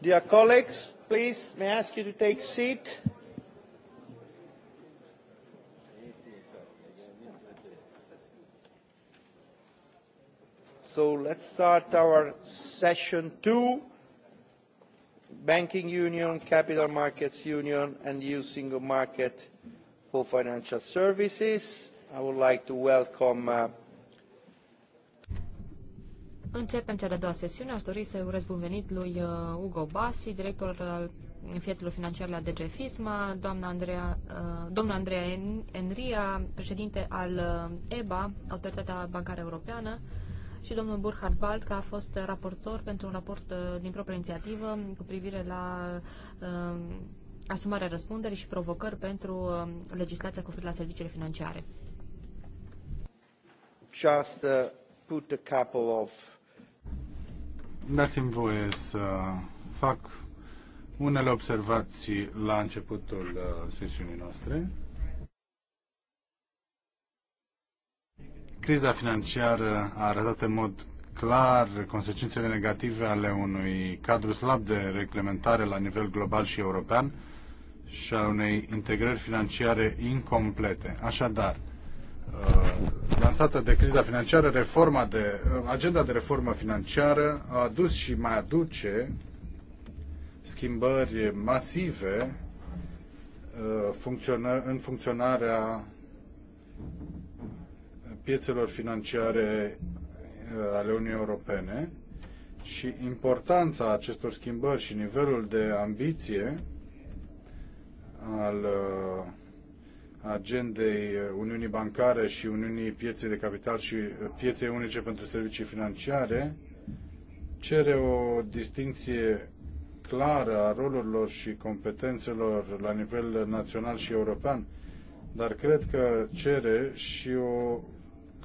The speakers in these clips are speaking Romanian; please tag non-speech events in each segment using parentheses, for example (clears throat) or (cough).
Dear colleagues, please, may I ask you to take seat? So let's start our session two, Banking Union, Capital Markets Union and EU Single Market for Financial Services. I would like to welcome uh, Începem cea de-a doua sesiune. Aș dori să urez bun venit lui uh, Ugo Basi, director al piețelor financiare la DG FISMA, doamna Andreea, uh, domnul Andreea Enria, președinte al uh, EBA, Autoritatea Bancară Europeană, și domnul Burhard Balt, care a fost raportor pentru un raport din proprie inițiativă cu privire la asumarea răspunderii și provocări pentru legislația cu la serviciile financiare. Just uh, put a couple of Dați-mi voie să fac unele observații la începutul uh, sesiunii noastre. Criza financiară a arătat în mod clar consecințele negative ale unui cadru slab de reglementare la nivel global și european și a unei integrări financiare incomplete. Așadar, Uh, lansată de criza financiară, reforma de, uh, agenda de reformă financiară a adus și mai aduce schimbări masive uh, funcționă, în funcționarea piețelor financiare ale Uniunii Europene și importanța acestor schimbări și nivelul de ambiție al agendei uh, Uniunii Bancare și Uniunii Pieței de Capital și uh, Pieței Unice pentru Servicii Financiare, cere o distinție clară a rolurilor și competențelor la nivel național și european, dar cred că cere și o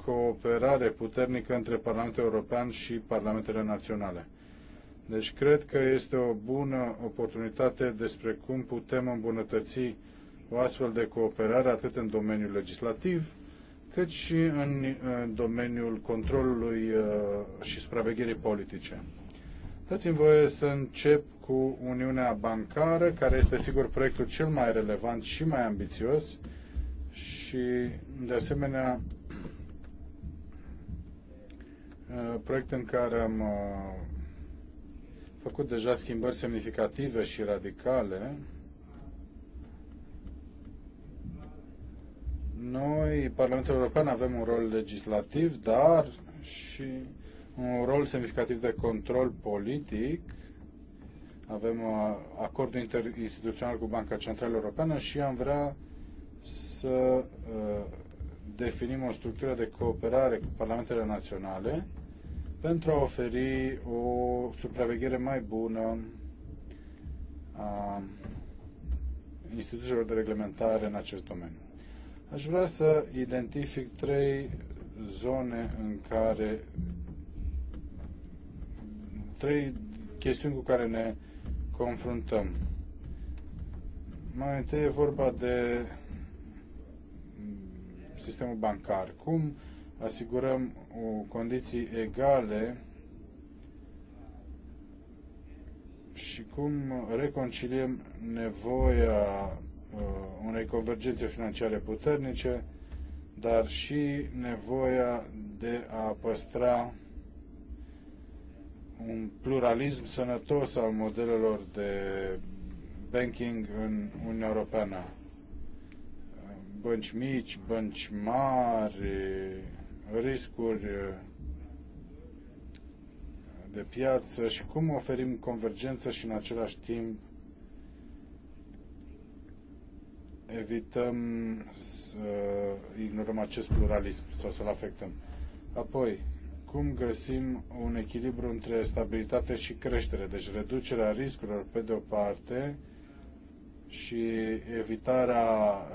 cooperare puternică între Parlamentul European și Parlamentele Naționale. Deci cred că este o bună oportunitate despre cum putem îmbunătăți o astfel de cooperare atât în domeniul legislativ, cât și în domeniul controlului uh, și supravegherii politice. Dați-mi voie să încep cu Uniunea Bancară, care este sigur proiectul cel mai relevant și mai ambițios și, de asemenea, uh, proiect în care am uh, făcut deja schimbări semnificative și radicale Noi, Parlamentul European, avem un rol legislativ, dar și un rol semnificativ de control politic. Avem uh, acordul interinstituțional cu Banca Centrală Europeană și am vrea să uh, definim o structură de cooperare cu parlamentele naționale pentru a oferi o supraveghere mai bună a instituțiilor de reglementare în acest domeniu. Aș vrea să identific trei zone în care trei chestiuni cu care ne confruntăm. Mai întâi e vorba de sistemul bancar. Cum asigurăm o condiții egale și cum reconciliem nevoia Uh, unei convergențe financiare puternice, dar și nevoia de a păstra un pluralism sănătos al modelelor de banking în Uniunea Europeană. Bănci mici, bănci mari, riscuri de piață și cum oferim convergență și în același timp evităm să ignorăm acest pluralism sau să-l afectăm. Apoi, cum găsim un echilibru între stabilitate și creștere, deci reducerea riscurilor pe de o parte și evitarea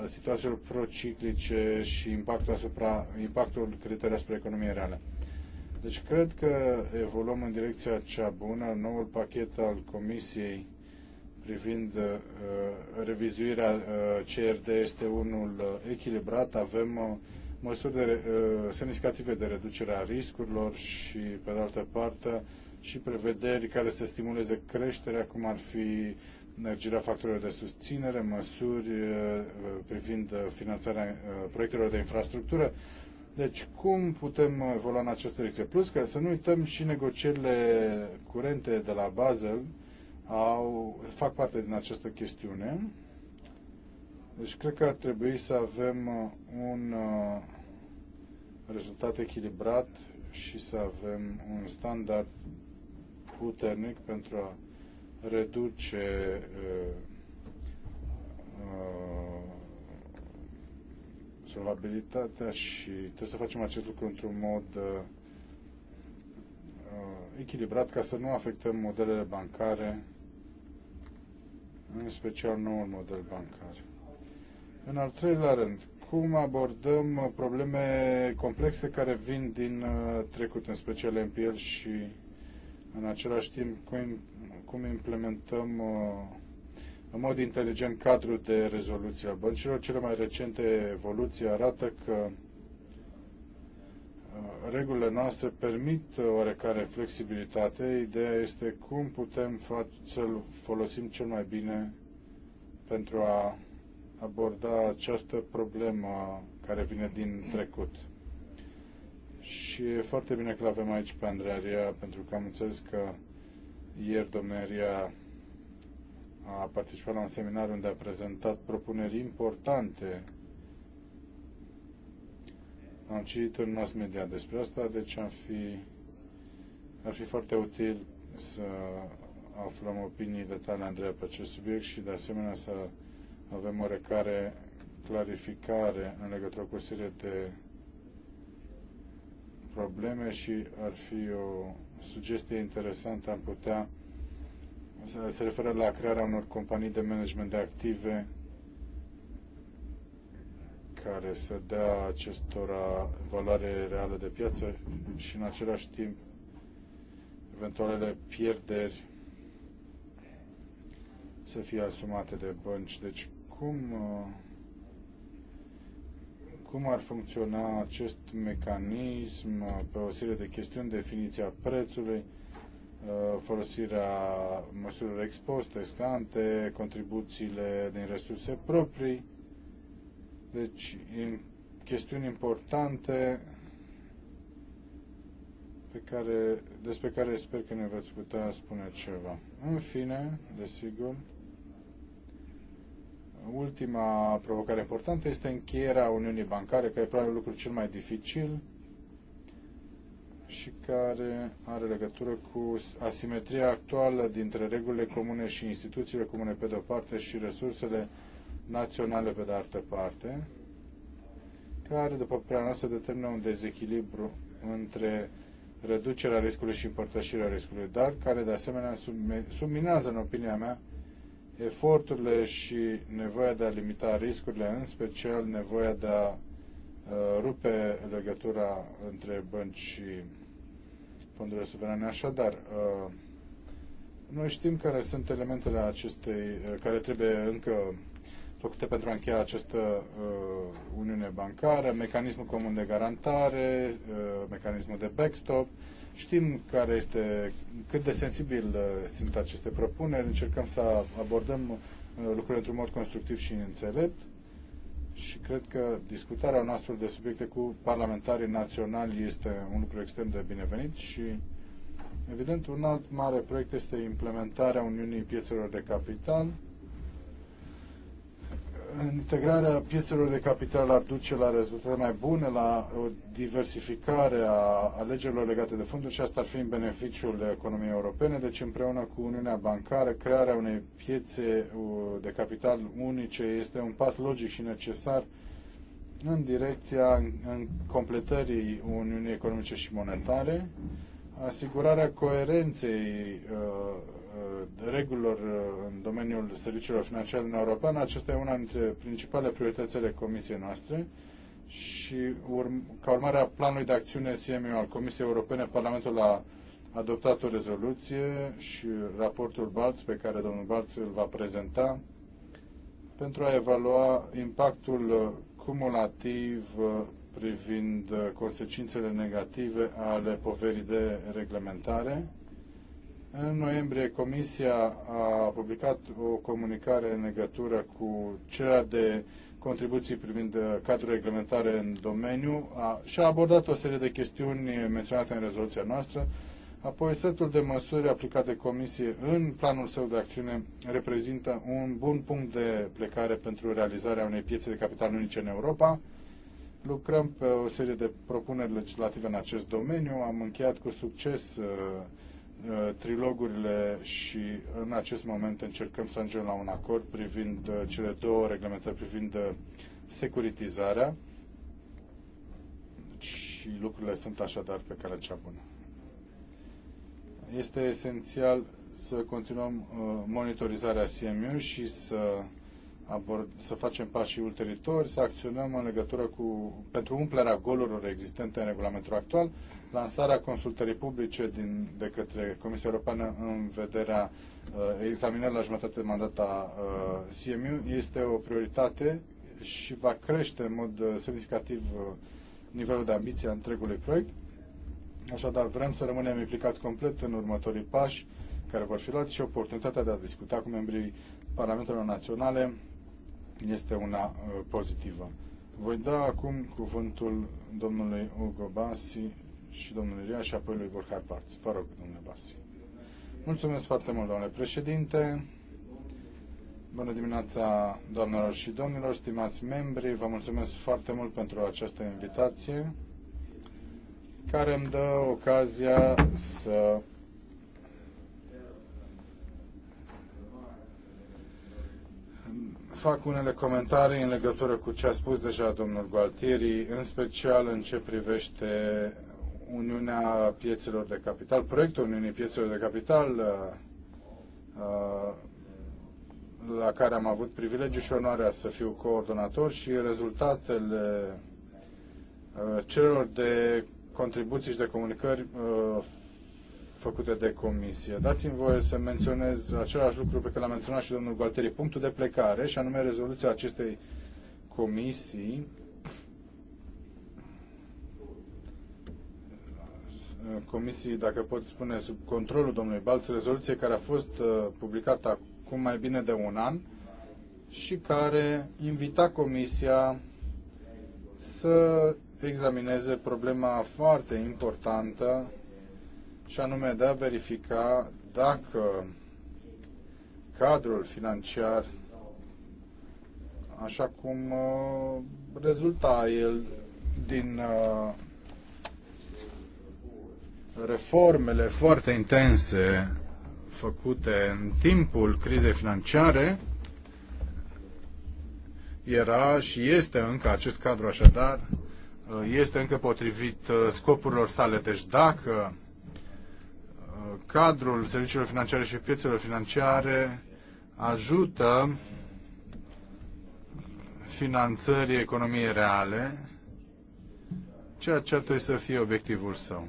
situațiilor prociclice și impactul, asupra, impactul criteriu asupra economiei reale. Deci cred că evoluăm în direcția cea bună. Noul pachet al Comisiei privind uh, uh, revizuirea uh, CRD este unul echilibrat. Avem măsuri de, semnificative de reducere a riscurilor și, pe de altă parte, și prevederi care să stimuleze creșterea, cum ar fi energia factorilor de susținere, măsuri privind finanțarea proiectelor de infrastructură. Deci cum putem evolua în această direcție? Plus că să nu uităm și negocierile curente de la Basel, au, fac parte din această chestiune. Deci cred că ar trebui să avem uh, un uh, rezultat echilibrat și să avem un standard puternic pentru a reduce uh, uh, solvabilitatea și trebuie să facem acest lucru într-un mod uh, uh echilibrat ca să nu afectăm modelele bancare în special noul model bancar. În al treilea rând, cum abordăm probleme complexe care vin din uh, trecut, în special MPL și în același timp cum implementăm uh, în mod inteligent cadrul de rezoluție a băncilor. Cele mai recente evoluții arată că regulile noastre permit uh, oarecare flexibilitate. Ideea este cum putem să-l folosim cel mai bine pentru a aborda această problemă care vine din trecut. Și e foarte bine că l-avem aici pe Andrearia, pentru că am înțeles că ieri domneria a participat la un seminar unde a prezentat propuneri importante am citit în mass media despre asta, deci am fi, ar fi foarte util să aflăm opiniile tale, Andreea, pe acest subiect și de asemenea să avem o recare clarificare în legătură cu o serie de probleme și ar fi o sugestie interesantă, am putea se referă la crearea unor companii de management de active care să dea acestora valoare reală de piață și în același timp eventualele pierderi să fie asumate de bănci. Deci cum, uh, cum ar funcționa acest mecanism pe o serie de chestiuni, definiția prețului, uh, folosirea măsurilor expuse, ex contribuțiile din resurse proprii, deci, chestiuni importante pe care, despre care sper că ne veți putea spune ceva. În fine, desigur, ultima provocare importantă este încheierea Uniunii Bancare, care e probabil lucrul cel mai dificil și care are legătură cu asimetria actuală dintre regulile comune și instituțiile comune pe de-o parte și resursele naționale pe de altă parte, care, după părerea noastră, determină un dezechilibru între reducerea riscului și împărtășirea riscului, dar care, de asemenea, subminează, în opinia mea, eforturile și nevoia de a limita riscurile, în special nevoia de a uh, rupe legătura între bănci și fondurile suverane. Așadar, uh, noi știm care sunt elementele acestei, uh, care trebuie încă făcute pentru a încheia această uh, uniune bancară, mecanismul comun de garantare, uh, mecanismul de backstop. Știm care este, cât de sensibil uh, sunt aceste propuneri, încercăm să abordăm uh, lucrurile într-un mod constructiv și înțelept și cred că discutarea noastră astfel de subiecte cu parlamentarii naționali este un lucru extrem de binevenit și evident un alt mare proiect este implementarea Uniunii Piețelor de Capital, integrarea piețelor de capital ar duce la rezultate mai bune, la o diversificare a alegerilor legate de fonduri și asta ar fi în beneficiul economiei europene, deci împreună cu Uniunea Bancară, crearea unei piețe uh, de capital unice este un pas logic și necesar în direcția în completării Uniunii Economice și Monetare, asigurarea coerenței uh, Uh, regulilor uh, în domeniul serviciilor financiare în Europa. aceasta e una dintre principalele prioritățile comisiei noastre și urm- ca urmare a planului de acțiune CMU al Comisiei Europene, Parlamentul a adoptat o rezoluție și raportul Balț, pe care domnul Balț îl va prezenta, pentru a evalua impactul uh, cumulativ privind consecințele negative ale poverii de reglementare în noiembrie, Comisia a publicat o comunicare în legătură cu cea de contribuții privind uh, cadrul reglementare în domeniu a, și a abordat o serie de chestiuni menționate în rezoluția noastră. Apoi, setul de măsuri aplicate de Comisie în planul său de acțiune reprezintă un bun punct de plecare pentru realizarea unei piețe de capital unice în Europa. Lucrăm pe o serie de propuneri legislative în acest domeniu. Am încheiat cu succes uh, Uh, trilogurile și în acest moment încercăm să ajungem la un acord privind uh, cele două reglementări privind uh, securitizarea și lucrurile sunt așadar pe care cea bună. Este esențial să continuăm monitorizarea CMU și să, abord, să facem pașii ulteritori, să acționăm în legătură cu, pentru umplerea golurilor existente în regulamentul actual, lansarea consultării publice din, de către Comisia Europeană în vederea uh, examinării la jumătate de mandat a uh, CMU este o prioritate și va crește în mod uh, semnificativ uh, nivelul de ambiție a întregului proiect. Așadar, vrem să rămânem implicați complet în următorii pași care vor fi luați și oportunitatea de a discuta cu membrii Parlamentelor Naționale este una uh, pozitivă. Voi da acum cuvântul domnului Ugo Bassi și domnului Ria și apoi lui Burkhard Bartz. Vă rog, domnule Basti. Mulțumesc foarte mult, domnule președinte. Bună dimineața, doamnelor și domnilor, stimați membri. Vă mulțumesc foarte mult pentru această invitație care îmi dă ocazia să fac unele comentarii în legătură cu ce a spus deja domnul Gualtieri, în special în ce privește Uniunea Piețelor de Capital, proiectul Uniunii Piețelor de Capital, uh, uh, la care am avut privilegiu și onoarea să fiu coordonator și rezultatele uh, celor de contribuții și de comunicări făcute de comisie. Dați-mi voie să menționez același lucru pe care l-a menționat și domnul Gualteri, punctul de plecare, și anume rezoluția acestei comisii Comisiei, dacă pot spune, sub controlul domnului Balț, rezoluție care a fost uh, publicată acum mai bine de un an și care invita Comisia să examineze problema foarte importantă și anume de a verifica dacă cadrul financiar, așa cum uh, rezulta el din uh, reformele foarte intense făcute în timpul crizei financiare era și este încă acest cadru așadar, uh, este încă potrivit uh, scopurilor sale. Deci dacă uh, cadrul serviciilor financiare și piețelor financiare ajută finanțării economiei reale, ceea ce trebuie să fie obiectivul său.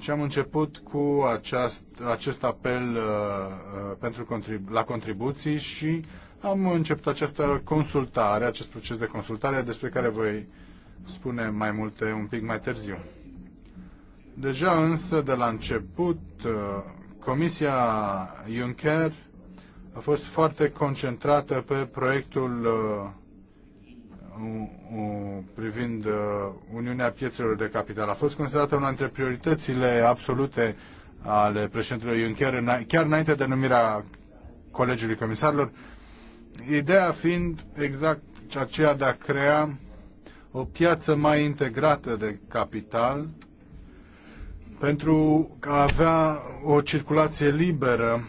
Deci am început cu aceast, acest apel uh, uh pentru contribu- la contribuții și am început această consultare, acest proces de consultare despre care voi spune mai multe un pic mai târziu. Deja însă de la început uh, Comisia Juncker a fost foarte concentrată pe proiectul uh, Mm, mm, privind uh, Uniunea Piețelor de Capital a fost considerată una dintre prioritățile absolute ale președintelui Juncker, chiar înainte de numirea Colegiului Comisarilor, ideea fiind exact aceea de a crea o piață mai integrată de capital pentru a avea o circulație liberă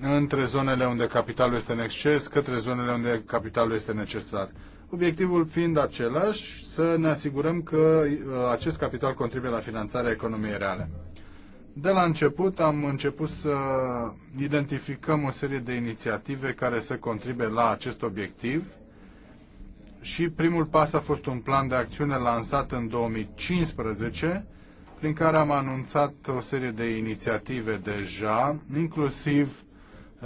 între zonele unde capitalul este în exces, către zonele unde capitalul este necesar. Obiectivul fiind același, să ne asigurăm că uh, acest capital contribuie la finanțarea economiei reale. De la început am început să identificăm o serie de inițiative care să contribuie la acest obiectiv și primul pas a fost un plan de acțiune lansat în 2015 prin care am anunțat o serie de inițiative deja, inclusiv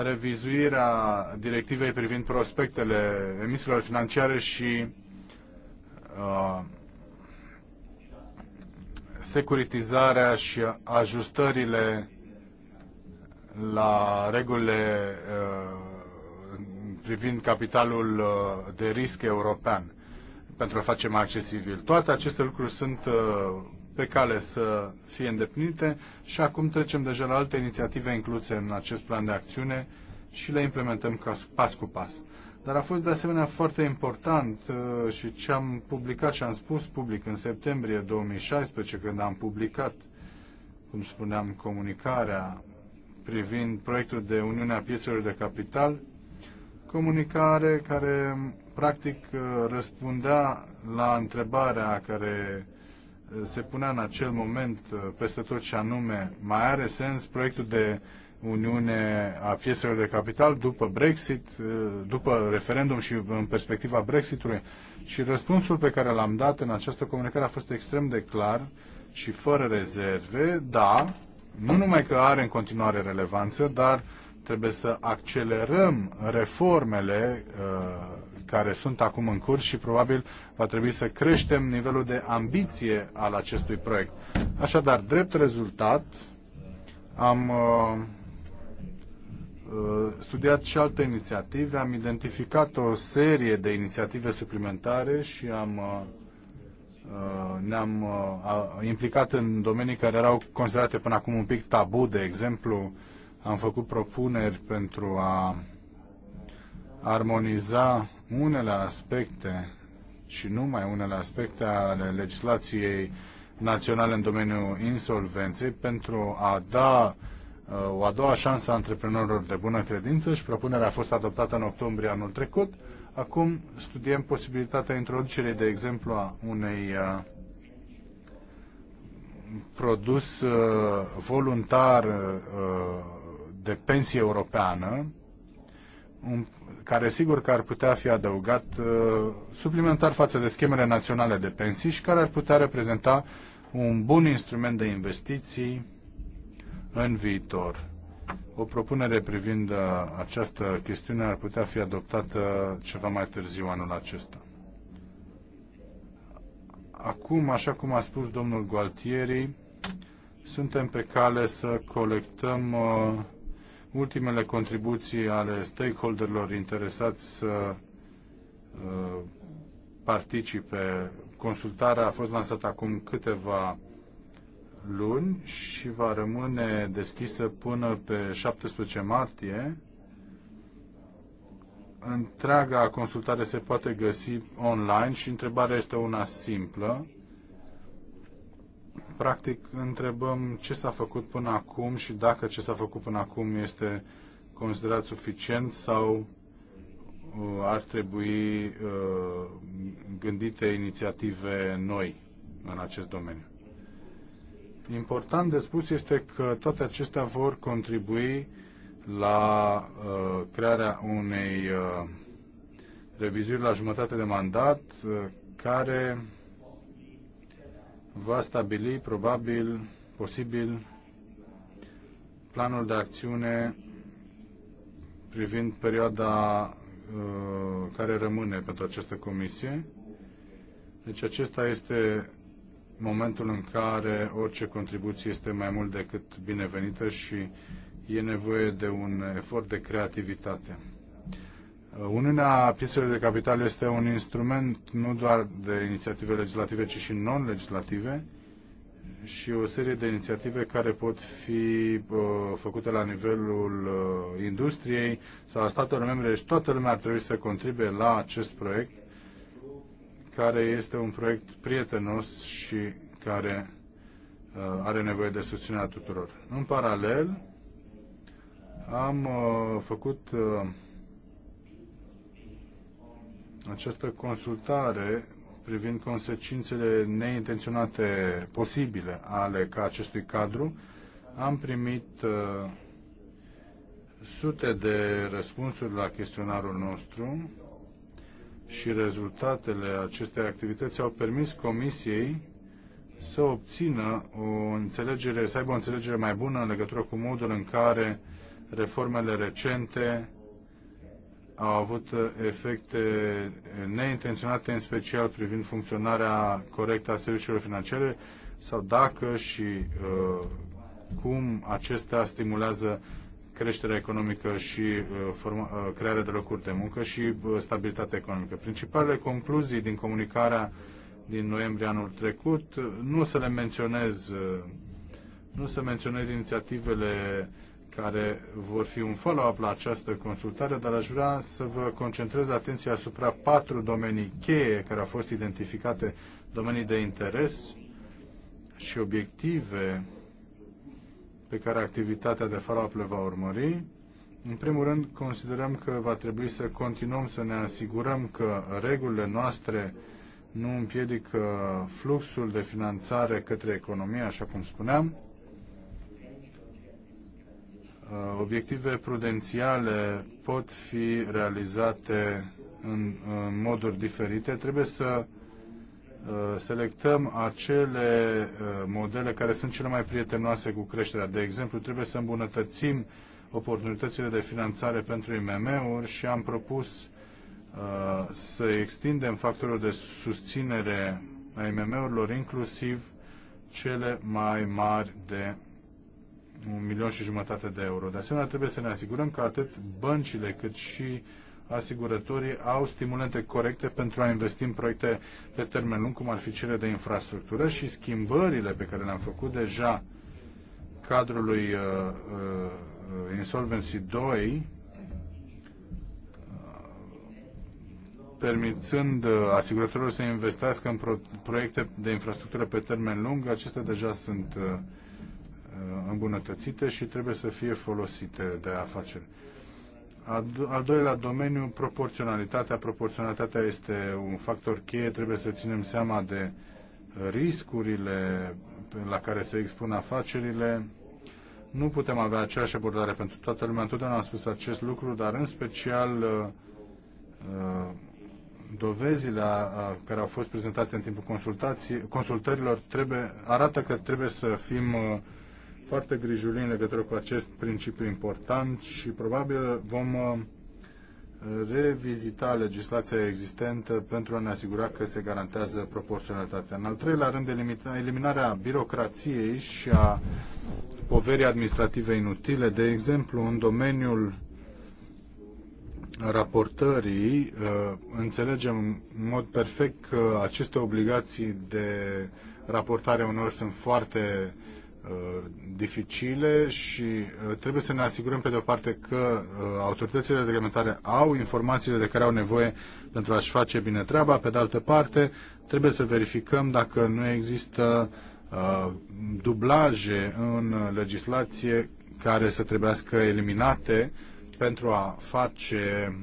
revizuirea directivei privind prospectele emisiilor financiare și uh, securitizarea și ajustările la regulile uh, privind capitalul uh, de risc european pentru a face mai accesibil. Toate aceste lucruri sunt uh, pe cale să fie îndeplinite și acum trecem deja la alte inițiative incluse în acest plan de acțiune și le implementăm pas cu pas. Dar a fost de asemenea foarte important uh, și ce am publicat și am spus public în septembrie 2016, când am publicat, cum spuneam, comunicarea privind proiectul de Uniune a Piețelor de Capital, comunicare care practic uh, răspundea la întrebarea care se punea în acel moment uh, peste tot și anume mai are sens proiectul de Uniune a piețelor de capital după Brexit, uh, după referendum și în perspectiva Brexitului. Și răspunsul pe care l-am dat în această comunicare a fost extrem de clar și fără rezerve, da, nu numai că are în continuare relevanță, dar trebuie să accelerăm reformele uh, care sunt acum în curs și probabil va trebui să creștem nivelul de ambiție al acestui proiect. Așadar, drept rezultat, am uh, uh studiat și alte inițiative, am identificat o serie de inițiative suplimentare și am uh, uh ne-am uh, implicat în domenii care erau considerate până acum un pic tabu, de exemplu, am făcut propuneri pentru a armoniza unele aspecte și numai unele aspecte ale legislației naționale în domeniul insolvenței pentru a da uh, o a doua șansă a antreprenorilor de bună credință și propunerea a fost adoptată în octombrie anul trecut. Acum studiem posibilitatea introducerii, de exemplu, a unei uh, produs uh, voluntar de pensie europeană, un care sigur că ar putea fi adăugat uh, suplimentar față de schemele naționale de pensii și care ar putea reprezenta un bun instrument de investiții în viitor. O propunere privind uh, această chestiune ar putea fi adoptată ceva mai târziu anul acesta. Acum, așa cum a spus domnul Gualtieri, suntem pe cale să colectăm uh, ultimele contribuții ale stakeholderilor interesați să uh, participe. Consultarea a fost lansată acum câteva luni și va rămâne deschisă până pe 17 martie. Întreaga consultare se poate găsi online și întrebarea este una simplă practic întrebăm ce s-a făcut până acum și dacă ce s-a făcut până acum este considerat suficient sau uh, ar trebui uh, gândite inițiative noi în acest domeniu. Important de spus este că toate acestea vor contribui la uh, crearea unei revizuiri la jumătate de mandat care va stabili probabil, posibil, planul de acțiune privind perioada uh, care rămâne pentru această comisie. Deci acesta este momentul în care orice contribuție este mai mult decât binevenită și e nevoie de un efort de creativitate. Uniunea piețelor de capital este un instrument nu doar de inițiative legislative, ci și non-legislative și o serie de inițiative care pot fi uh, făcute la nivelul uh, industriei sau a statelor membre și deci toată lumea ar trebui să contribuie la acest proiect care este un proiect prietenos și care uh, are nevoie de susținerea tuturor. În paralel, am uh, făcut uh, această consultare privind consecințele neintenționate posibile ale ca acestui cadru, am primit uh, sute de răspunsuri la chestionarul nostru și rezultatele acestei activități au permis Comisiei să obțină o înțelegere, să aibă o înțelegere mai bună în legătură cu modul în care reformele recente au avut uh, efecte uh, neintenționate, în special privind funcționarea corectă a serviciilor financiare, sau dacă și uh, cum acestea stimulează creșterea economică și forma, crearea de locuri de muncă și stabilitatea economică. Principalele concluzii din comunicarea din noiembrie anul trecut, nu să le menționez, nu să menționez inițiativele care vor fi un follow-up la această consultare, dar aș vrea să vă concentrez atenția asupra patru domenii cheie care au fost identificate, domenii de interes și obiective pe care activitatea de follow-up le va urmări. În primul rând, considerăm că va trebui să continuăm să ne asigurăm că regulile noastre nu împiedică fluxul de finanțare către economie, așa cum spuneam, Uh, obiective prudențiale pot fi realizate în, în moduri diferite. Trebuie să uh, selectăm acele uh, modele care sunt cele mai prietenoase cu creșterea. De exemplu, trebuie să îmbunătățim oportunitățile de finanțare pentru IMM-uri și am propus să extindem factorul de susținere a IMM-urilor, inclusiv cele mai mari de un milion și jumătate de euro. De asemenea, trebuie să ne asigurăm că atât băncile cât și asigurătorii au stimulente corecte pentru a investi în proiecte pe termen lung, cum ar fi cele de infrastructură și schimbările pe care le-am făcut deja cadrului uh, uh, Insolvency 2, permițând uh, asigurătorilor să investească în proiecte de infrastructură pe termen lung, acestea deja sunt uh, Uh, îmbunătățite și trebuie să fie folosite de afaceri. Al doilea domeniu, proporționalitatea. Proporționalitatea este un factor cheie, trebuie să ținem seama de riscurile la care se expun afacerile. Nu putem avea aceeași abordare pentru toată lumea. Întotdeauna am spus acest lucru, dar în special uh, dovezile care au fost prezentate în timpul consultărilor trebuie, arată că trebuie să fim uh, foarte grijulii în legătură cu acest principiu important și probabil vom uh, revizita legislația existentă pentru a ne asigura că se garantează proporționalitatea. În al treilea rând, eliminarea birocrației și a poverii administrative inutile, de exemplu, în domeniul raportării, uh, înțelegem în mod perfect că aceste obligații de raportare unor sunt foarte uh, Uh, dificile și uh, trebuie să ne asigurăm pe de o parte că uh, autoritățile reglementare au informațiile de care au nevoie pentru a-și face bine treaba, pe de altă parte trebuie să verificăm dacă nu există dublaje în legislație care să trebuiască eliminate pentru a face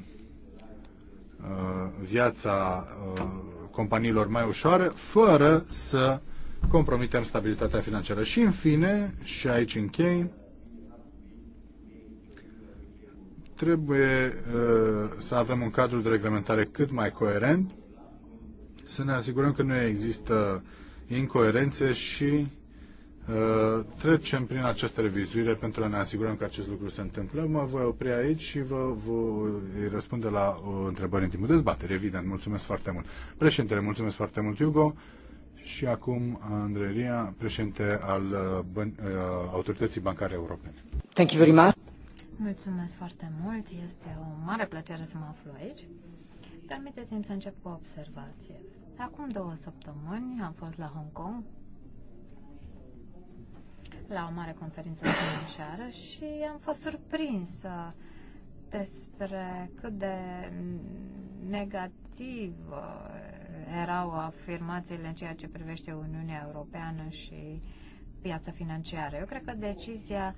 viața companiilor mai ușoară, fără să compromitem stabilitatea financiară. Și în fine, și aici închei, trebuie uh, să avem un cadru de reglementare cât mai coerent, să ne asigurăm că nu există incoerențe și uh, trecem prin această revizuire pentru a ne asigura că acest lucru se întâmplă. Mă voi opri aici și vă voi răspunde la o întrebări în timpul dezbatere, evident. Mulțumesc foarte mult. Președintele, mulțumesc foarte mult, Hugo. Și acum Andrelia, președinte al uh, uh, Autorității Bancare Europene. Thank you very much. Mulțumesc foarte mult. Este o mare plăcere să mă aflu aici. Permiteți-mi să încep cu o observație. Acum două săptămâni am fost la Hong Kong la o mare conferință financiară și am fost surprinsă uh, despre cât de negativ erau afirmațiile în ceea ce privește Uniunea Europeană și piața financiară. Eu cred că decizia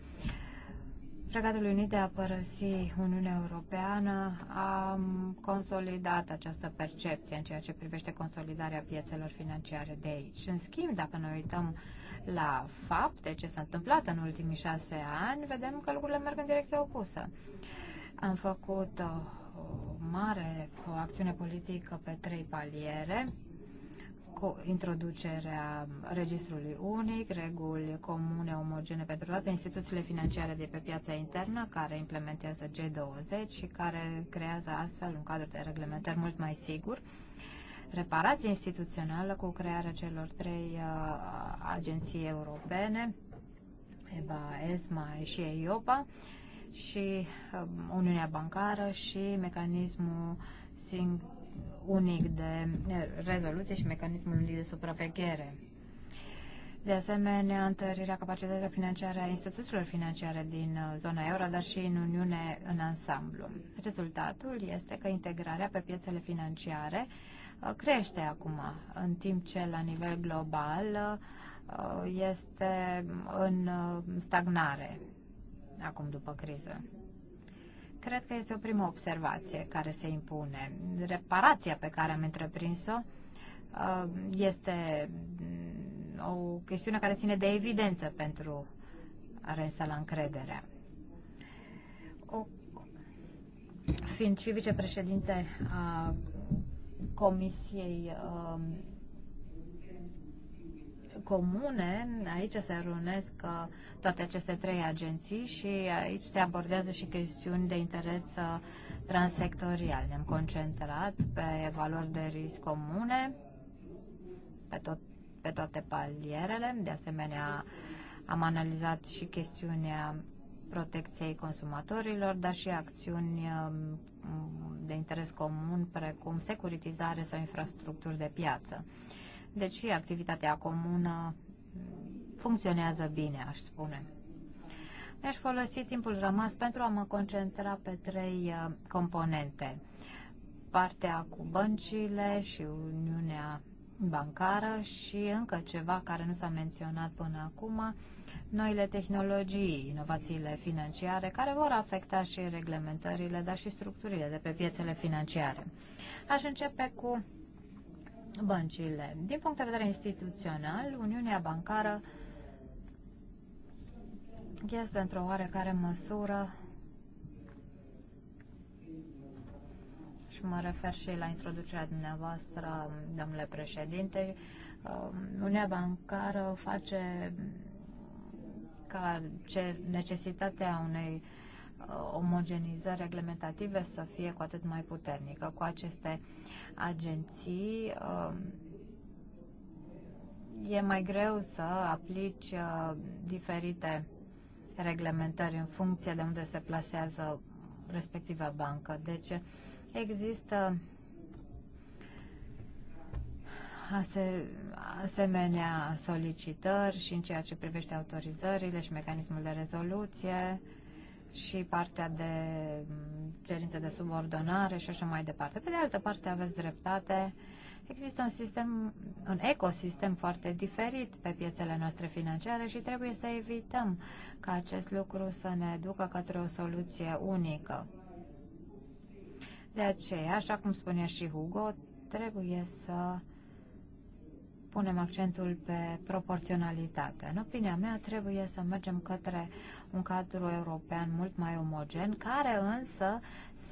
Regatului Unit de a părăsi Uniunea Europeană a consolidat această percepție în ceea ce privește consolidarea piețelor financiare de aici. În schimb, dacă ne uităm la fapte, ce s-a întâmplat în ultimii șase ani, vedem că lucrurile merg în direcția opusă. Am făcut uh, mare, o acțiune politică pe trei paliere, cu introducerea registrului unic, reguli comune omogene pentru toate instituțiile financiare de pe piața internă, care implementează G20 și care creează astfel un cadru de reglementări mult mai sigur, reparație instituțională cu crearea celor trei uh, agenții europene, EBA, ESMA și EIOPA, uh, și um, Uniunea Bancară și mecanismul unic de uh, rezoluție și mecanismul unic de supraveghere. De asemenea, întărirea capacităților financiare a instituțiilor financiare din uh, zona euro, dar și în Uniune în ansamblu. Rezultatul este că integrarea pe piețele financiare uh, crește acum, în timp ce la nivel global este în stagnare acum după criză. Cred că este o primă observație care se impune. Reparația pe care am întreprins-o uh, este mm, o chestiune care ține de evidență pentru a reinstala încrederea. O, fiind și vicepreședinte a Comisiei um, comune. Aici se arunesc uh, toate aceste trei agenții și aici se abordează și chestiuni de interes uh, transsectorial. Ne-am concentrat pe valori de risc comune, pe, tot, pe toate palierele. De asemenea, am analizat și chestiunea protecției consumatorilor, dar și acțiuni um, de interes comun, precum securitizare sau infrastructuri de piață. Deci activitatea comună funcționează bine, aș spune. Mi-aș folosi timpul rămas pentru a mă concentra pe trei uh, componente. Partea cu băncile și Uniunea bancară și încă ceva care nu s-a menționat până acum, noile tehnologii, inovațiile financiare, care vor afecta și reglementările, dar și structurile de pe piețele financiare. Aș începe cu băncile. Din punct de vedere instituțional, Uniunea Bancară este într-o oarecare măsură și mă refer și la introducerea dumneavoastră, domnule președinte, um, Uniunea Bancară face ca necesitatea unei uh, Uh, omogenizări reglementative să fie cu atât mai puternică. Cu aceste agenții um, e mai greu să aplici uh, diferite reglementări în funcție de unde se plasează respectiva bancă. Deci există asemenea solicitări și în ceea ce privește autorizările și mecanismul de rezoluție, și partea de mm, cerințe de subordonare și așa mai departe. Pe de altă parte, aveți dreptate. Există un sistem, un ecosistem foarte diferit pe piețele noastre financiare și trebuie să evităm ca acest lucru să ne ducă către o soluție unică. De aceea, așa cum spunea și Hugo, trebuie să punem accentul pe proporționalitate. În opinia mea, trebuie să mergem către un cadru european mult mai omogen, care însă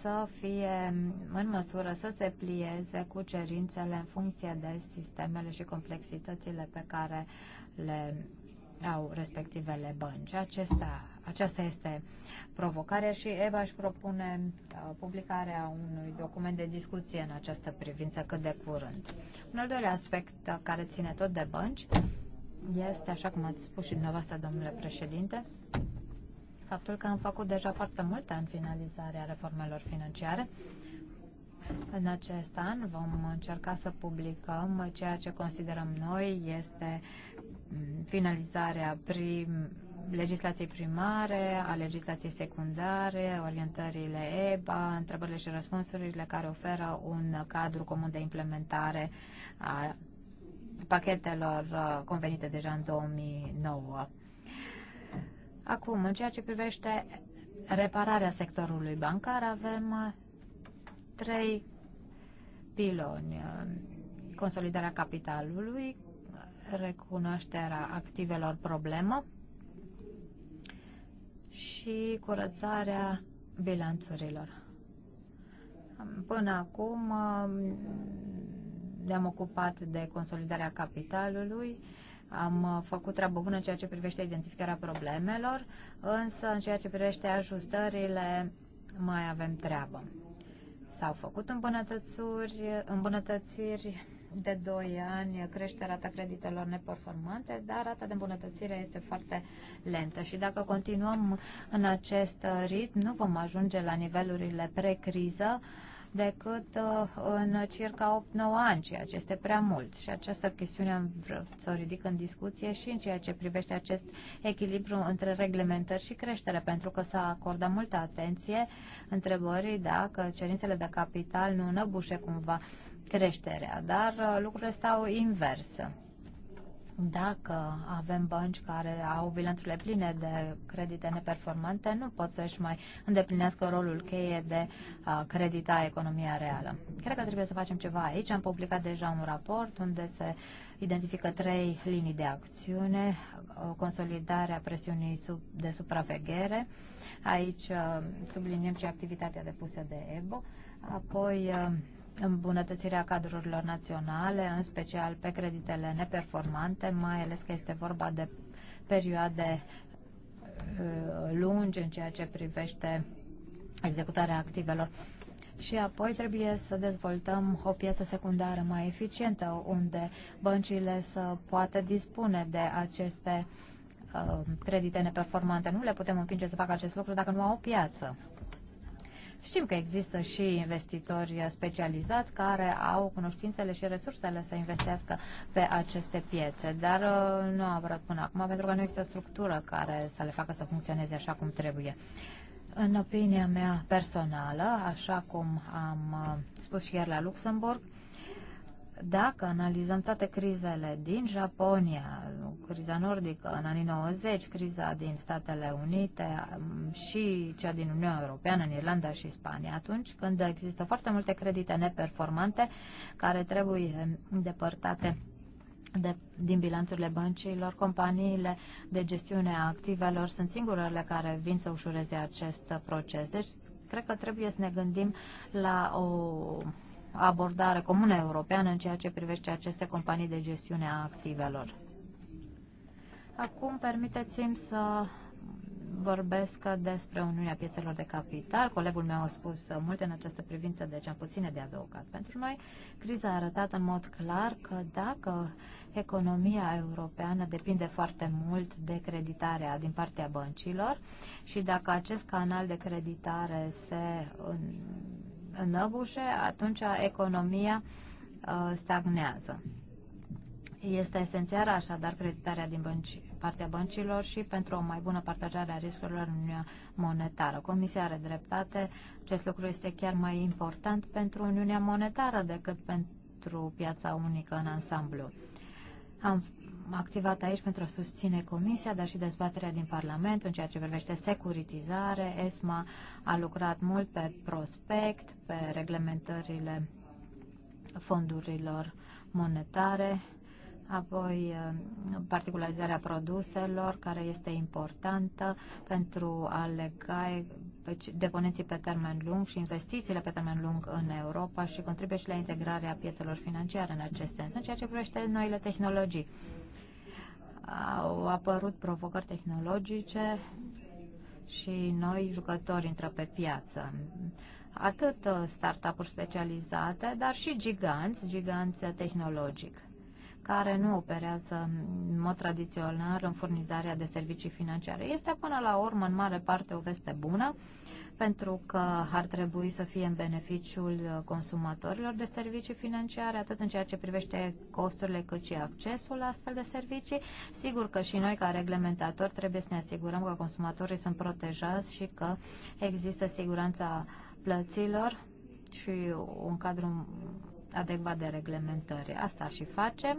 să fie în măsură să se plieze cu cerințele în funcție de sistemele și complexitățile pe care le au respectivele bănci. Acesta aceasta este provocarea și EVA își propune uh, publicarea unui document de discuție în această privință cât de curând. Un al doilea aspect uh, care ține tot de bănci este, așa cum ați spus și dumneavoastră, domnule președinte, faptul că am făcut deja foarte multe în finalizarea reformelor financiare. În acest an vom încerca să publicăm ceea ce considerăm noi este mm, finalizarea prim legislației primare, a legislației secundare, orientările EBA, întrebările și răspunsurile care oferă un cadru comun de implementare a pachetelor uh, convenite deja în 2009. Acum, în ceea ce privește repararea sectorului bancar, avem uh, trei piloni. Consolidarea capitalului, recunoașterea activelor problemă și curățarea bilanțurilor. Până acum um, ne-am ocupat de consolidarea capitalului, am făcut treabă bună în ceea ce privește identificarea problemelor, însă în ceea ce privește ajustările mai avem treabă. S-au făcut îmbunătățiri, îmbunătățiri de 2 ani crește rata creditelor neperformante, dar rata de îmbunătățire este foarte lentă și dacă continuăm în acest ritm, nu vom ajunge la nivelurile precriză decât uh, în circa 8-9 ani, ceea ce este prea mult. Și această chestiune am vrut să o ridic în discuție și în ceea ce privește acest echilibru între reglementări și creștere, pentru că s-a acordat multă atenție întrebării dacă cerințele de capital nu înăbușe cumva creșterea, dar uh, lucrurile stau invers. Dacă avem bănci care au bilanțurile pline de credite neperformante, nu pot să-și mai îndeplinească rolul cheie de a uh, credita economia reală. Cred că trebuie să facem ceva aici. Am publicat deja un raport unde se identifică trei linii de acțiune. Consolidarea presiunii de supraveghere. Aici uh, subliniem și activitatea depusă de EBO. Apoi îmbunătățirea cadrurilor naționale, în special pe creditele neperformante, mai ales că este vorba de perioade uh, lungi în ceea ce privește executarea activelor. Și apoi trebuie să dezvoltăm o piață secundară mai eficientă, unde băncile să poată dispune de aceste uh, credite neperformante. Nu le putem împinge să facă acest lucru dacă nu au o piață. Știm că există și investitori specializați care au cunoștințele și resursele să investească pe aceste piețe, dar uh, nu au vrut până acum pentru că nu există o structură care să le facă să funcționeze așa cum trebuie. În opinia mea personală, așa cum am uh, spus și ieri la Luxemburg, dacă analizăm toate crizele din Japonia, criza nordică în anii 90, criza din Statele Unite și cea din Uniunea Europeană, în Irlanda și Spania, atunci când există foarte multe credite neperformante care trebuie îndepărtate de, din bilanțurile băncilor, companiile de gestiune a activelor sunt singurele care vin să ușureze acest proces. Deci, cred că trebuie să ne gândim la o abordare comună europeană în ceea ce privește aceste companii de gestiune a activelor. Acum permiteți-mi să vorbesc despre Uniunea Piețelor de Capital. Colegul meu a spus multe în această privință, deci am puține de adăugat. Pentru noi, criza a arătat în mod clar că dacă economia europeană depinde foarte mult de creditarea din partea băncilor și dacă acest canal de creditare se înăbușe, atunci economia uh, stagnează. Este esențială așadar creditarea din bănci, partea băncilor și pentru o mai bună partajare a riscurilor în Uniunea Monetară. Comisia are dreptate, acest lucru este chiar mai important pentru Uniunea Monetară decât pentru piața unică în ansamblu. Am activat aici pentru a susține Comisia, dar și dezbaterea din Parlament în ceea ce privește securitizare. ESMA a lucrat mult pe prospect, pe reglementările fondurilor monetare, apoi uh, particularizarea produselor, care este importantă pentru a lega deponenții pe termen lung și investițiile pe termen lung în Europa și contribuie și la integrarea piețelor financiare în acest sens, în ceea ce privește noile tehnologii au apărut provocări tehnologice și noi jucători intră pe piață. Atât uh, startup-uri specializate, dar și giganți, giganți uh, tehnologic care nu operează în mod tradițional în furnizarea de servicii financiare. Este până la urmă în mare parte o veste bună pentru că ar trebui să fie în beneficiul consumatorilor de servicii financiare, atât în ceea ce privește costurile, cât și accesul la astfel de servicii. Sigur că și noi, ca reglementatori, trebuie să ne asigurăm că consumatorii sunt protejați și că există siguranța plăților și un cadru adecvat de reglementări. Asta și facem.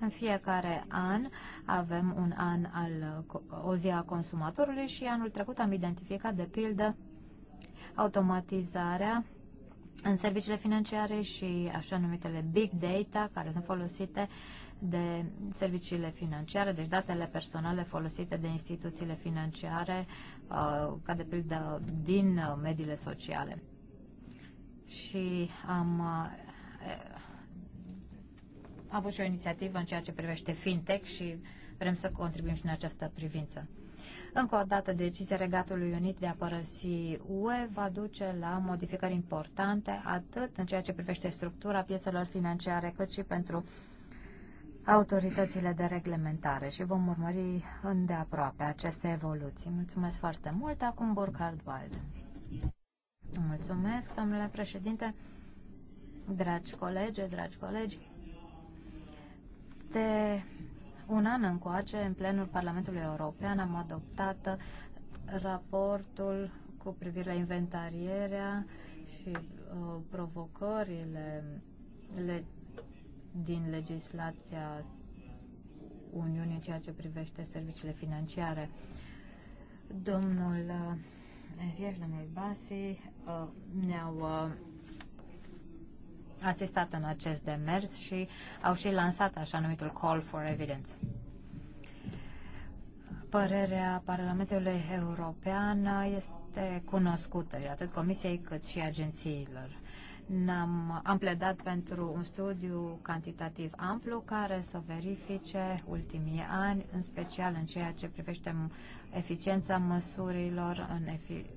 În fiecare an avem un an al o zi a consumatorului și anul trecut am identificat de pildă automatizarea în serviciile financiare și așa numitele big data care sunt folosite de serviciile financiare, deci datele personale folosite de instituțiile financiare, uh, ca de pildă din uh, mediile sociale. Și am uh, Eh, a avut și o inițiativă în ceea ce privește fintech și vrem să contribuim și în această privință. Încă o dată, decizia Regatului Unit de a părăsi UE va duce la modificări importante, atât în ceea ce privește structura piețelor financiare, cât și pentru autoritățile de reglementare și vom urmări îndeaproape aceste evoluții. Mulțumesc foarte mult. Acum Burkhard Wald. Mulțumesc, domnule președinte dragi colegi, dragi colegi, de un an încoace, în plenul Parlamentului European, am adoptat raportul cu privire la inventarierea și uh, provocările le, din legislația Uniunii în ceea ce privește serviciile financiare. Domnul uh, Enrieș, domnul Basi uh, ne-au uh, asistat în acest demers și au și lansat așa numitul Call for Evidence. Părerea Parlamentului European este cunoscută atât Comisiei cât și agențiilor. am am pledat pentru un studiu cantitativ amplu care să verifice ultimii ani, în special în ceea ce privește eficiența măsurilor în efi-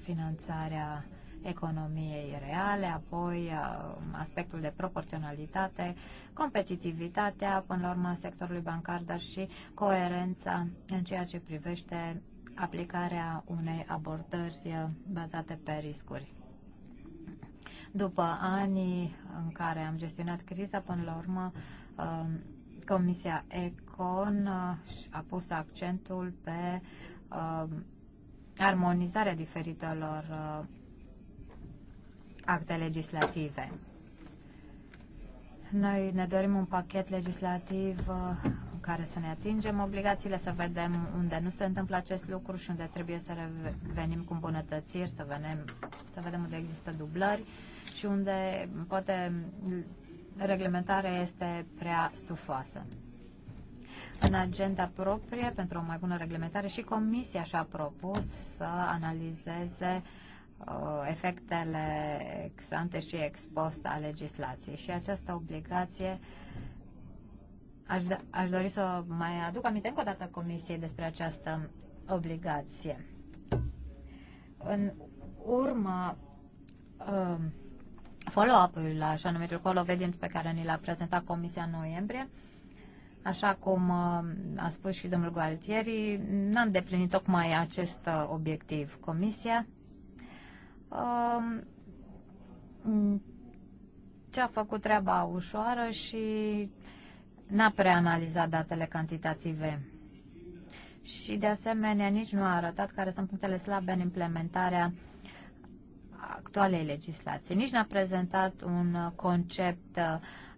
finanțarea uh, economiei reale, apoi uh, aspectul de proporționalitate, competitivitatea, până la urmă sectorului bancar, dar și coerența în ceea ce privește aplicarea unei abordări uh, bazate pe riscuri. După anii în care am gestionat criza, până la urmă, uh, Comisia Econ a pus accentul pe armonizarea diferitelor acte legislative. Noi ne dorim un pachet legislativ uh, în care să ne atingem obligațiile, să vedem unde nu se întâmplă acest lucru și unde trebuie să revenim cu îmbunătățiri, să, venem, să vedem unde există dublări și unde poate reglementarea este prea stufoasă. În agenda proprie pentru o mai bună reglementare și Comisia și-a propus să analizeze uh, Uh, efectele ex ante și ex post a legislației și această obligație aș, da, aș dori să mai aduc aminte încă o dată Comisiei despre această obligație. În urmă, uh, follow-up-ul la așa numitul Call of pe care ni l-a prezentat Comisia în noiembrie, așa cum uh, a spus și domnul Gualtieri, n am deplinit tocmai acest uh, obiectiv. Comisia Um, ce a făcut treaba ușoară și n-a preanalizat analizat datele cantitative. Și de asemenea nici nu a arătat care sunt punctele slabe în implementarea actualei legislații. Nici n-a prezentat un concept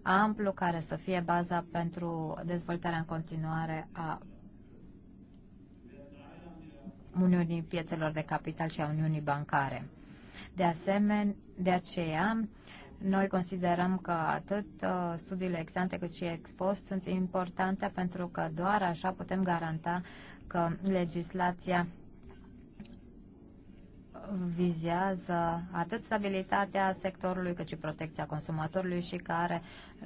amplu care să fie baza pentru dezvoltarea în continuare a Uniunii Piețelor de Capital și a Uniunii Bancare. De asemenea, de aceea, noi considerăm că atât uh, studiile exante cât și expost sunt importante pentru că doar așa putem garanta că legislația vizează atât stabilitatea sectorului cât și protecția consumatorului și că are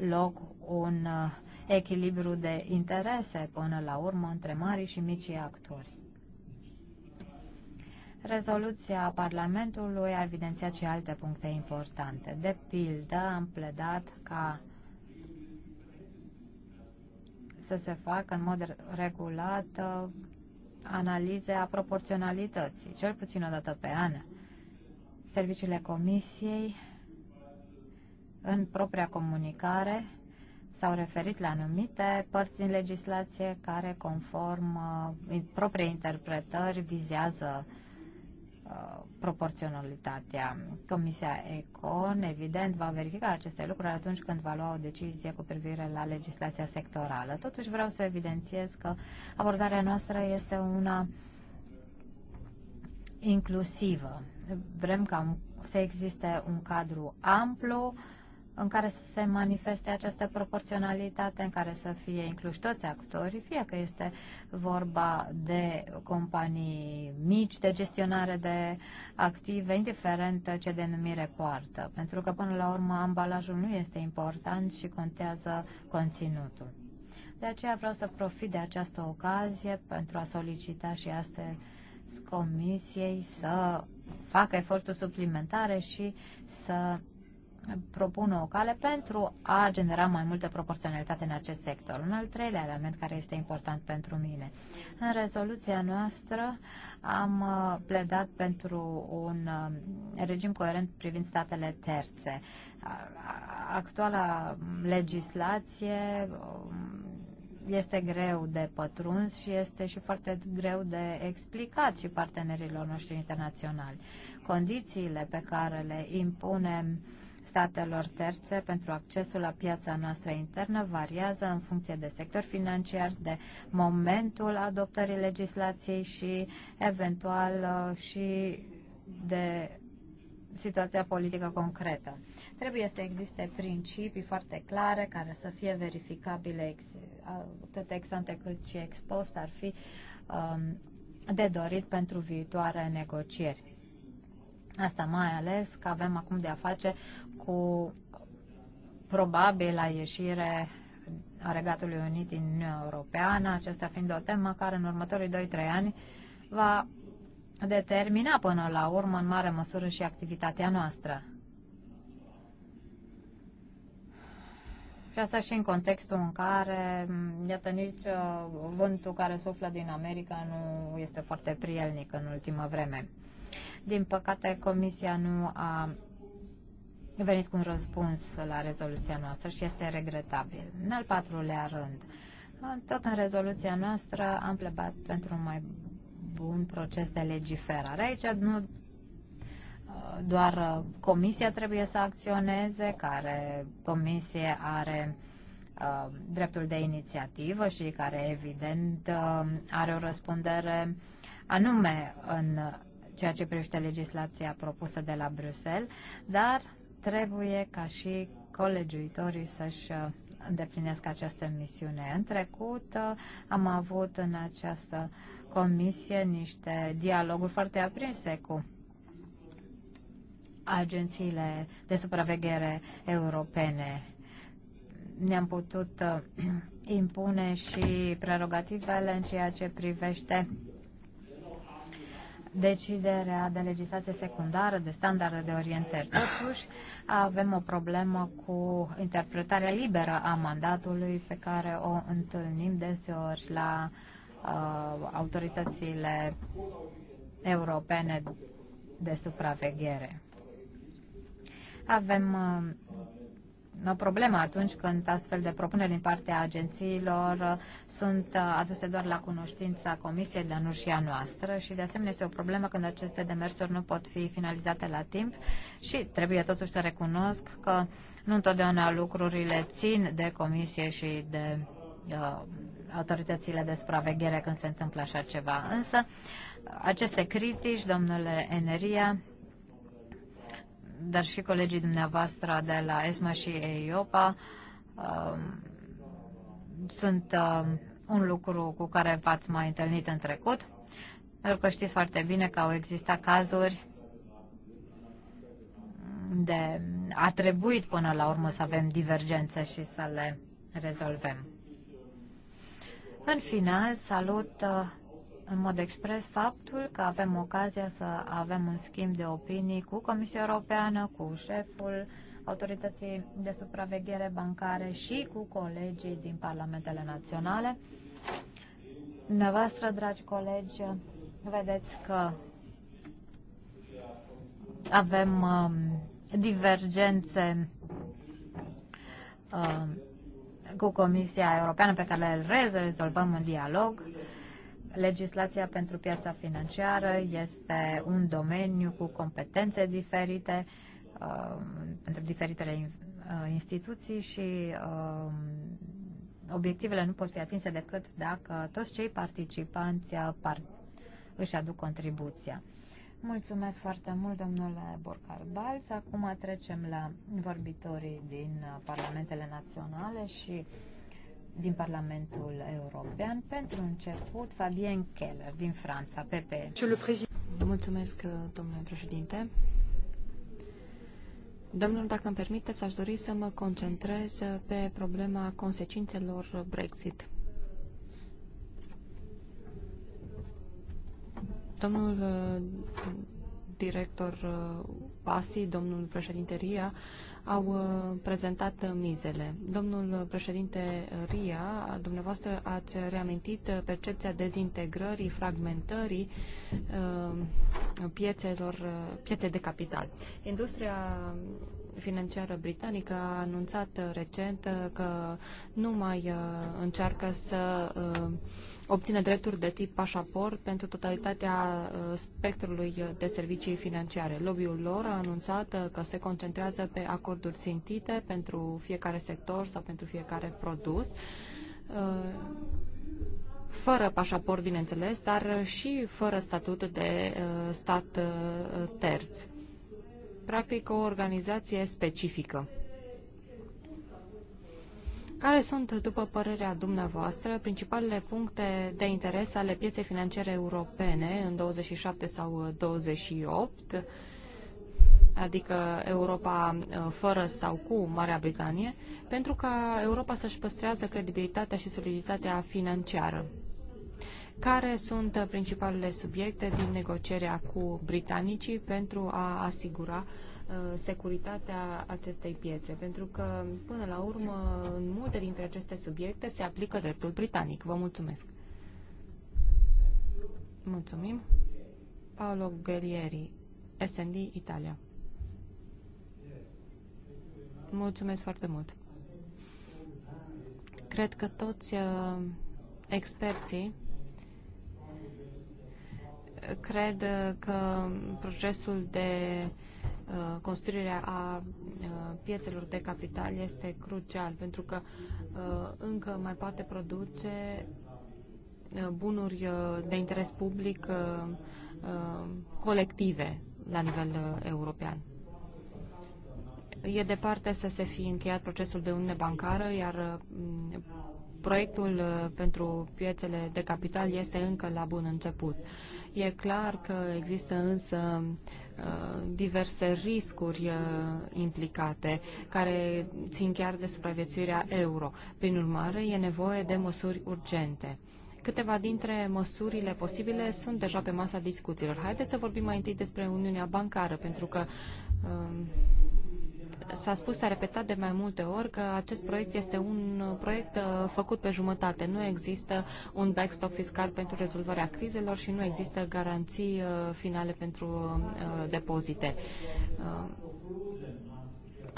loc un uh, echilibru de interese până la urmă între mari și micii actori. Rezoluția Parlamentului a evidențiat și alte puncte importante. De pildă, am pledat ca să se facă în mod regulat uh, analize a proporționalității, cel puțin o dată pe an. Serviciile Comisiei, în propria comunicare, s-au referit la anumite părți din legislație care, conform uh, propriei interpretări, vizează uh, proporționalitatea. Comisia ECON, evident, va verifica aceste lucruri atunci când va lua o decizie cu privire la legislația sectorală. Totuși vreau să evidențiez că abordarea noastră este una inclusivă. Vrem ca să existe un cadru amplu uh, în care să se manifeste această proporționalitate, în care să fie incluși toți actorii, fie că este vorba de companii mici, de gestionare de active, indiferent ce denumire poartă. Pentru că, până la urmă, ambalajul nu este important și contează conținutul. De aceea vreau să profit de această ocazie pentru a solicita și astăzi comisiei să facă eforturi suplimentare și să propun o cale pentru a genera mai multă proporționalitate în acest sector. Un al treilea element care este important pentru mine. În rezoluția noastră am uh, pledat pentru un uh, regim coerent privind statele terțe. Actuala legislație um, este greu de pătruns și este și foarte greu de explicat și partenerilor noștri internaționali. Condițiile pe care le impunem statelor terțe pentru accesul la piața noastră internă variază în funcție de sector financiar, de momentul adoptării legislației și eventual uh, și de situația politică concretă. Trebuie să existe principii foarte clare care să fie verificabile atât ex ante cât și ex post ar fi um, de dorit pentru viitoare negocieri. Asta mai ales că avem acum de a face cu probabila ieșire a Regatului Unit din Uniunea Europeană, acesta fiind o temă care în următorii 2-3 ani va determina până la urmă în mare măsură și activitatea noastră. Și asta și în contextul în care, iată, nici uh, vântul care suflă din America nu este foarte prielnic în ultima vreme. Din păcate, Comisia nu a venit cu un răspuns la rezoluția noastră și este regretabil. În al patrulea rând, tot în rezoluția noastră am plebat pentru un mai bun proces de legiferare. Aici nu doar comisia trebuie să acționeze, care comisie are uh, dreptul de inițiativă și care evident uh, are o răspundere anume în ceea ce privește legislația propusă de la Bruxelles, dar trebuie ca și colegiuitorii să-și uh, îndeplinesc această misiune. În trecut uh, am avut în această comisie niște dialoguri foarte aprinse cu agențiile de supraveghere europene. Ne-am putut uh, impune și prerogativele în ceea ce privește deciderea de legislație secundară, de standarde de orientări. Totuși, avem o problemă cu interpretarea liberă a mandatului pe care o întâlnim deseori la uh, autoritățile europene de supraveghere. Avem uh, o problemă atunci când astfel de propuneri din partea agențiilor sunt aduse doar la cunoștința Comisiei, dar nu și a noastră și de asemenea este o problemă când aceste demersuri nu pot fi finalizate la timp și trebuie totuși să recunosc că nu întotdeauna lucrurile țin de Comisie și de uh, autoritățile de supraveghere când se întâmplă așa ceva. Însă aceste critici, domnule Eneria, dar și colegii dumneavoastră de la ESMA și EIOPA um, sunt um, un lucru cu care v-ați mai întâlnit în trecut, pentru că știți foarte bine că au existat cazuri de a trebuit până la urmă să avem divergențe și să le rezolvăm. În final, salut uh, în mod expres faptul că avem ocazia să avem un schimb de opinii cu Comisia Europeană, cu șeful Autorității de Supraveghere Bancare și cu colegii din Parlamentele Naționale. Dumneavoastră, dragi colegi, vedeți că avem um, divergențe um, cu Comisia Europeană pe care le rezolvăm în dialog Legislația pentru piața financiară este un domeniu cu competențe diferite um, uh, diferitele instituții și uh, obiectivele nu pot fi atinse decât dacă toți cei participanți uh, par- își aduc contribuția. Mulțumesc foarte mult, domnule Borcar Balz. Acum trecem la vorbitorii din uh, Parlamentele Naționale și din Parlamentul European. Pentru început, Fabien Keller din Franța, PP. Mulțumesc, domnule președinte. Domnul, dacă îmi permiteți, aș dori să mă concentrez pe problema consecințelor Brexit. Domnul uh, director uh, Pasi, domnul președinte Ria, au uh, prezentat mizele. Domnul președinte Ria, dumneavoastră ați reamintit percepția dezintegrării, fragmentării uh, piețelor, uh, piețe de capital. Industria financiară britanică a anunțat recent că nu mai încearcă să obține drepturi de tip pașaport pentru totalitatea uh, spectrului de servicii financiare. Lobby-ul lor a anunțat uh, că se concentrează pe acorduri țintite pentru fiecare sector sau pentru fiecare produs uh, fără pașaport, bineînțeles, dar și fără statut de stat terț. Practic, o organizație specifică. Care sunt, după părerea dumneavoastră, principalele puncte de interes ale pieței financiare europene în 27 sau 28, uh, adică Europa uh, fără sau cu Marea Britanie, pentru ca Europa să-și păstrează credibilitatea și soliditatea financiară? Care sunt uh, principalele subiecte din negocierea cu britanicii pentru a asigura uh, Uh, securitatea acestei piețe, pentru că, până la urmă, în multe dintre aceste subiecte se aplică dreptul britanic. Vă mulțumesc! Mulțumim! Paolo Guerrieri, SND Italia. Mulțumesc foarte mult! Cred că toți uh, experții cred uh, că procesul de Uh, construirea a uh, piețelor de capital este crucial, pentru că uh, încă mai poate produce bunuri de interes public colective la nivel european. E departe să se fi încheiat procesul de uniune bancară, iar proiectul pentru piețele de capital este încă la bun început. E clar că există însă uh, Uh, diverse riscuri uh, implicate, care țin chiar de supraviețuirea euro. Prin urmare, e nevoie de măsuri urgente. Câteva dintre măsurile posibile sunt deja pe masa discuțiilor. Haideți să vorbim mai întâi despre Uniunea Bancară, pentru că um, S-a spus, s-a repetat de mai multe ori că acest proiect este un proiect uh, făcut pe jumătate. Nu există un backstop fiscal pentru rezolvarea crizelor și nu există garanții uh, finale pentru uh, depozite.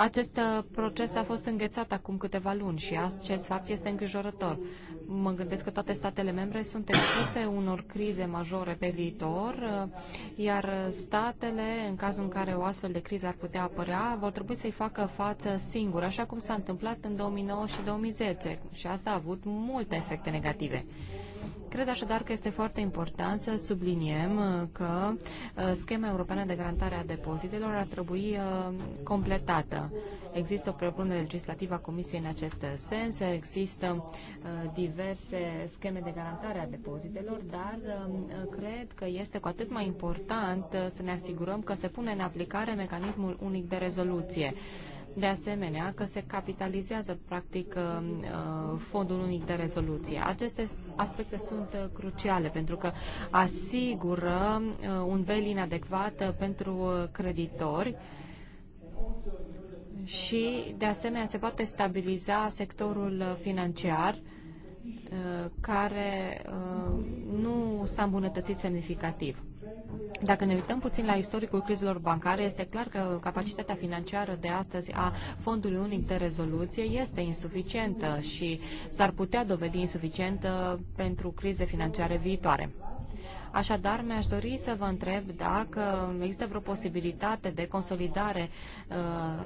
Acest uh, proces a fost înghețat acum câteva luni și acest fapt este îngrijorător. Mă gândesc că toate statele membre sunt expuse unor crize majore pe viitor, uh, iar statele, în cazul în care o astfel de criză ar putea apărea, vor trebui să-i facă față singure, așa cum s-a întâmplat în 2009 și 2010. Și asta a avut multe efecte negative. Cred așadar că este foarte important să subliniem uh, că uh, schema europeană de garantare a depozitelor ar trebui uh, completată. Există o propunere legislativă a Comisiei în acest sens, există diverse scheme de garantare a depozitelor, dar um, cred că este cu atât mai important să ne asigurăm că se pune în aplicare mecanismul unic de rezoluție de asemenea că se capitalizează practic uh, fondul unic de rezoluție. Aceste aspecte sunt uh, cruciale pentru că asigură uh, un belin adecvat pentru creditori și de asemenea se poate stabiliza sectorul financiar Uh, care uh, nu s-a îmbunătățit semnificativ. Dacă ne uităm puțin la istoricul crizelor bancare, este clar că capacitatea financiară de astăzi a Fondului Unic de Rezoluție este insuficientă și s-ar putea dovedi insuficientă pentru crize financiare viitoare. Așadar, mi-aș dori să vă întreb dacă există vreo posibilitate de consolidare uh,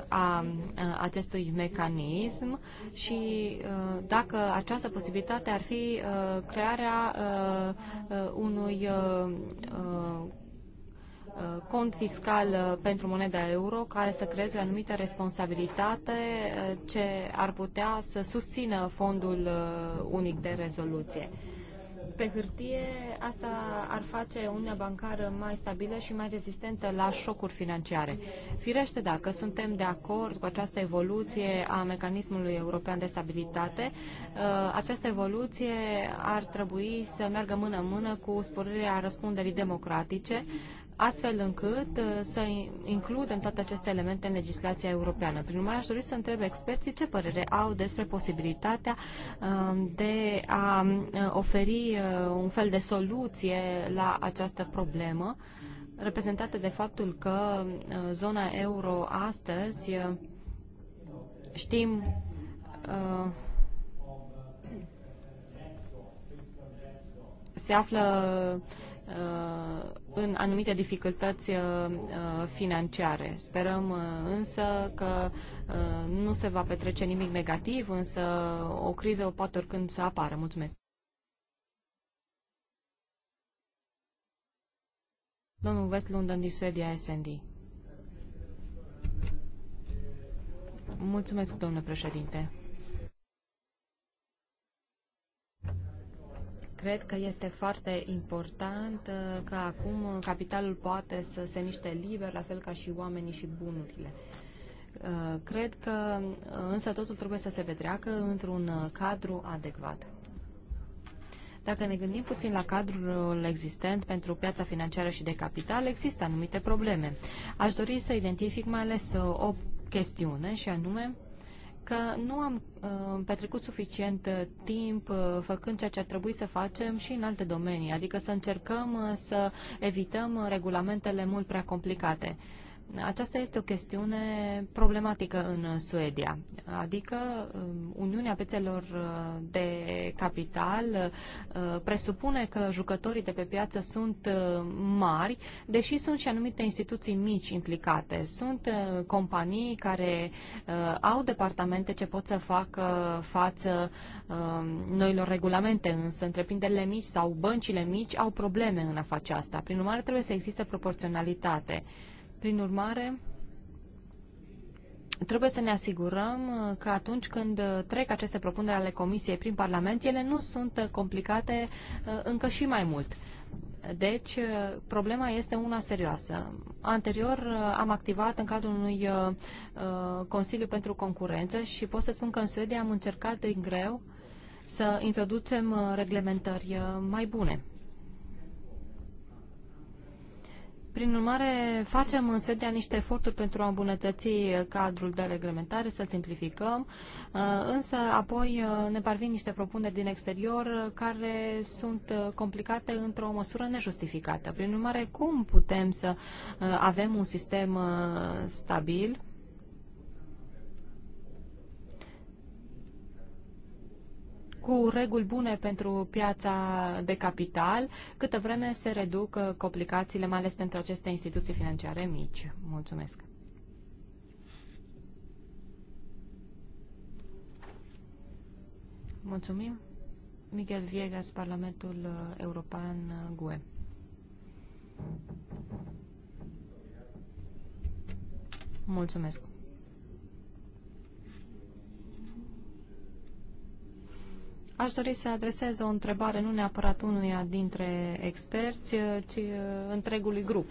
a uh, acestui mecanism și uh, dacă această posibilitate ar fi crearea unui cont fiscal pentru moneda euro care să creeze o anumită responsabilitate ce ar putea să susțină fondul unic de rezoluție. Pe hârtie, asta ar face Uniunea Bancară mai stabilă și mai rezistentă la șocuri financiare. Firește, dacă suntem de acord cu această evoluție a mecanismului european de stabilitate, uh, această evoluție ar trebui să meargă mână-mână cu sporirea răspunderii democratice, astfel încât uh, să includem toate aceste elemente în legislația europeană. Prin urmare, aș dori să întreb experții ce părere au despre posibilitatea um, de a uh, oferi uh, un fel de soluție la această problemă, reprezentată de faptul că zona euro astăzi știm se află uh, Uh, în anumite dificultăți uh, uh, financiare. Sperăm însă că nu se va petrece nimic negativ, însă o criză o poate oricând să apară. Mulțumesc! Domnul West London din Suedia SND. Mulțumesc, domnule președinte. cred că este foarte important uh, că acum uh, capitalul poate să se miște liber, la fel ca și oamenii și bunurile. Uh, cred că însă totul trebuie să se petreacă într-un cadru adecvat. Dacă ne gândim puțin la cadrul existent pentru piața financiară și de capital, există anumite probleme. Aș dori să identific mai ales o chestiune și anume că nu am uh, petrecut suficient uh, timp uh, făcând ceea ce ar trebui să facem și în alte domenii, adică să încercăm uh, să evităm uh, regulamentele mult prea complicate. Uh, aceasta este o chestiune problematică în Suedia, adică um, Uniunea Pețelor uh, de Capital uh, presupune că jucătorii de pe piață sunt uh, mari, deși sunt și anumite instituții mici implicate. Sunt companii care au departamente ce pot să facă față um, noilor regulamente, însă întreprinderile mici sau băncile mici au probleme în a face asta. Prin urmare, trebuie să existe proporționalitate. Prin urmare, trebuie să ne asigurăm uh, că atunci când uh, trec aceste propuneri ale Comisiei prin Parlament, ele nu sunt uh, complicate încă și mai mult. Deci, problema este una serioasă. Anterior am activat în cadrul unui Consiliu pentru Concurență și pot să spun că în Suedia am încercat din greu să introducem reglementări mai bune. Prin urmare, facem în sedia niște eforturi pentru a îmbunătăți uh, cadrul de reglementare, să simplificăm, uh, însă apoi uh, ne parvin niște propuneri din exterior care sunt complicate într-o măsură nejustificată. Prin urmare, cum putem să avem un sistem stabil cu reguli bune pentru piața de capital, câtă vreme se reduc uh, complicațiile, mai ales pentru aceste instituții financiare mici. Mulțumesc! Mulțumim! Miguel Viegas, Parlamentul uh, European uh, GUE. Mulțumesc! Aș dori să adresez o întrebare nu neapărat unuia dintre experți, ci uh, întregului grup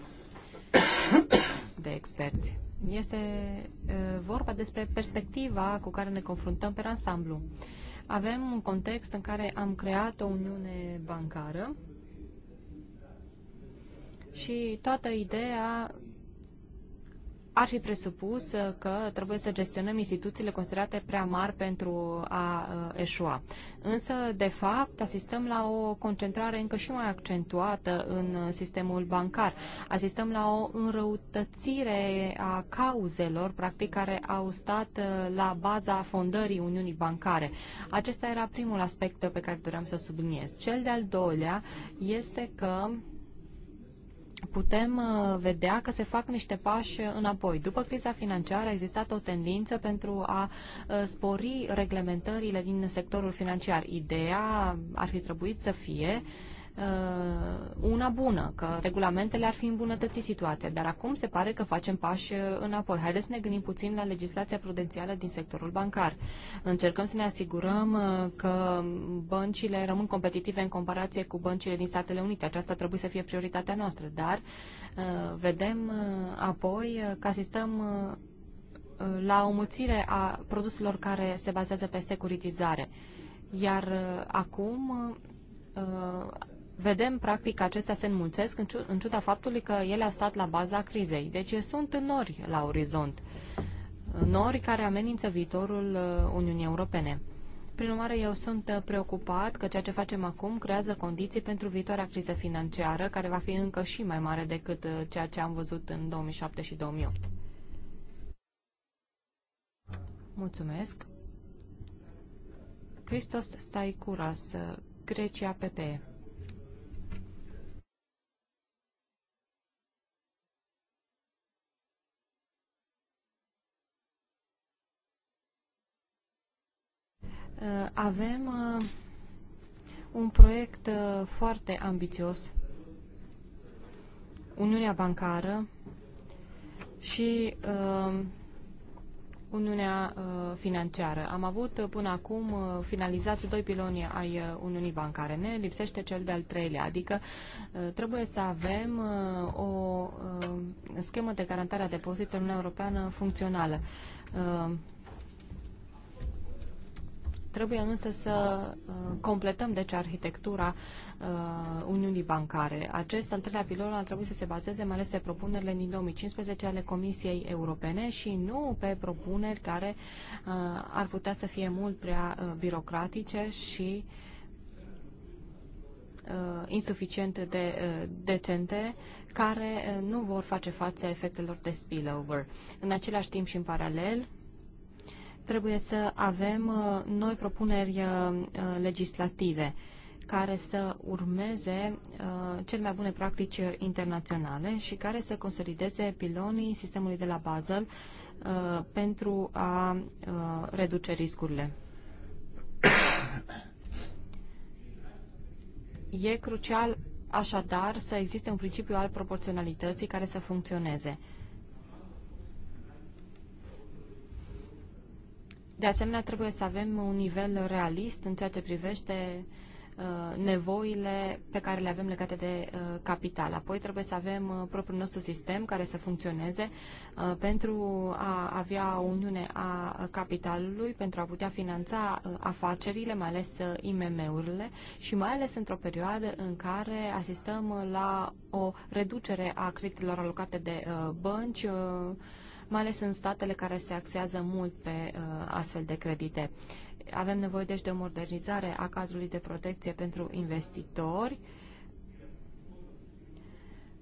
de experți. Este uh, vorba despre perspectiva cu care ne confruntăm pe ansamblu. Avem un context în care am creat o uniune bancară și toată ideea ar fi presupus uh, că trebuie să gestionăm instituțiile considerate prea mari pentru a uh, eșua. Însă, de fapt, asistăm la o concentrare încă și mai accentuată în uh, sistemul bancar. Asistăm la o înrăutățire a cauzelor, practic, care au stat la baza fondării Uniunii Bancare. Acesta era primul aspect pe care doream să subliniez. Cel de-al doilea este că putem uh, vedea că se fac niște pași înapoi. După criza financiară a existat o tendință pentru a uh, spori reglementările din sectorul financiar. Ideea ar fi trebuit să fie uh, Uh, una bună, că regulamentele ar fi îmbunătățit situația, dar acum se pare că facem pași uh, înapoi. Haideți să ne gândim puțin la legislația prudențială din sectorul bancar. Încercăm să ne asigurăm uh, că băncile rămân competitive în comparație cu băncile din Statele Unite. Aceasta trebuie să fie prioritatea noastră, dar vedem apoi că asistăm la o mulțire a produselor care se bazează pe securitizare. Iar acum vedem practic că acestea se înmulțesc în ciuda faptului că ele au stat la baza crizei. Deci sunt nori la orizont, nori care amenință viitorul uh, Uniunii Europene. Prin urmare, eu sunt uh, preocupat că ceea ce facem acum creează condiții pentru viitoarea criză financiară, care va fi încă și mai mare decât uh, ceea ce am văzut în 2007 și 2008. Mulțumesc. Christos Staikuras, Grecia PPE. Uh, avem uh, un proiect uh, foarte ambițios, Uniunea Bancară și Uniunea Financiară. Am avut până acum finalizați doi piloni ai Uniunii Bancare. Ne lipsește cel de-al treilea, adică trebuie să avem o schemă de garantare a depozitelor în Europeană funcțională. Trebuie însă să uh, completăm deci arhitectura uh, Uniunii Bancare. Acest al treilea pilon ar trebui să se bazeze mai ales pe propunerile din 2015 ale Comisiei Europene și nu pe propuneri care uh, ar putea să fie mult prea birocratice și insuficient de decente care nu vor face față efectelor de spillover. În același timp și în paralel, trebuie să avem uh, noi propuneri uh, legislative care să urmeze uh, cele mai bune practici internaționale și care să consolideze pilonii sistemului de la Basel pentru a reduce riscurile. e crucial așadar să existe un principiu al proporționalității care să funcționeze. Uh, De asemenea, trebuie să avem un nivel realist în ceea ce privește uh, nevoile pe care le avem legate de uh, capital. Apoi trebuie să avem uh, propriul nostru sistem care să funcționeze pentru a avea o uniune a capitalului, pentru a putea finanța afacerile, mai ales IMM-urile și mai ales într-o perioadă în care asistăm la o reducere a creditelor alocate de bănci, mai ales în statele care se axează mult pe uh, astfel de credite. Avem nevoie deci de o modernizare a cadrului de protecție pentru investitori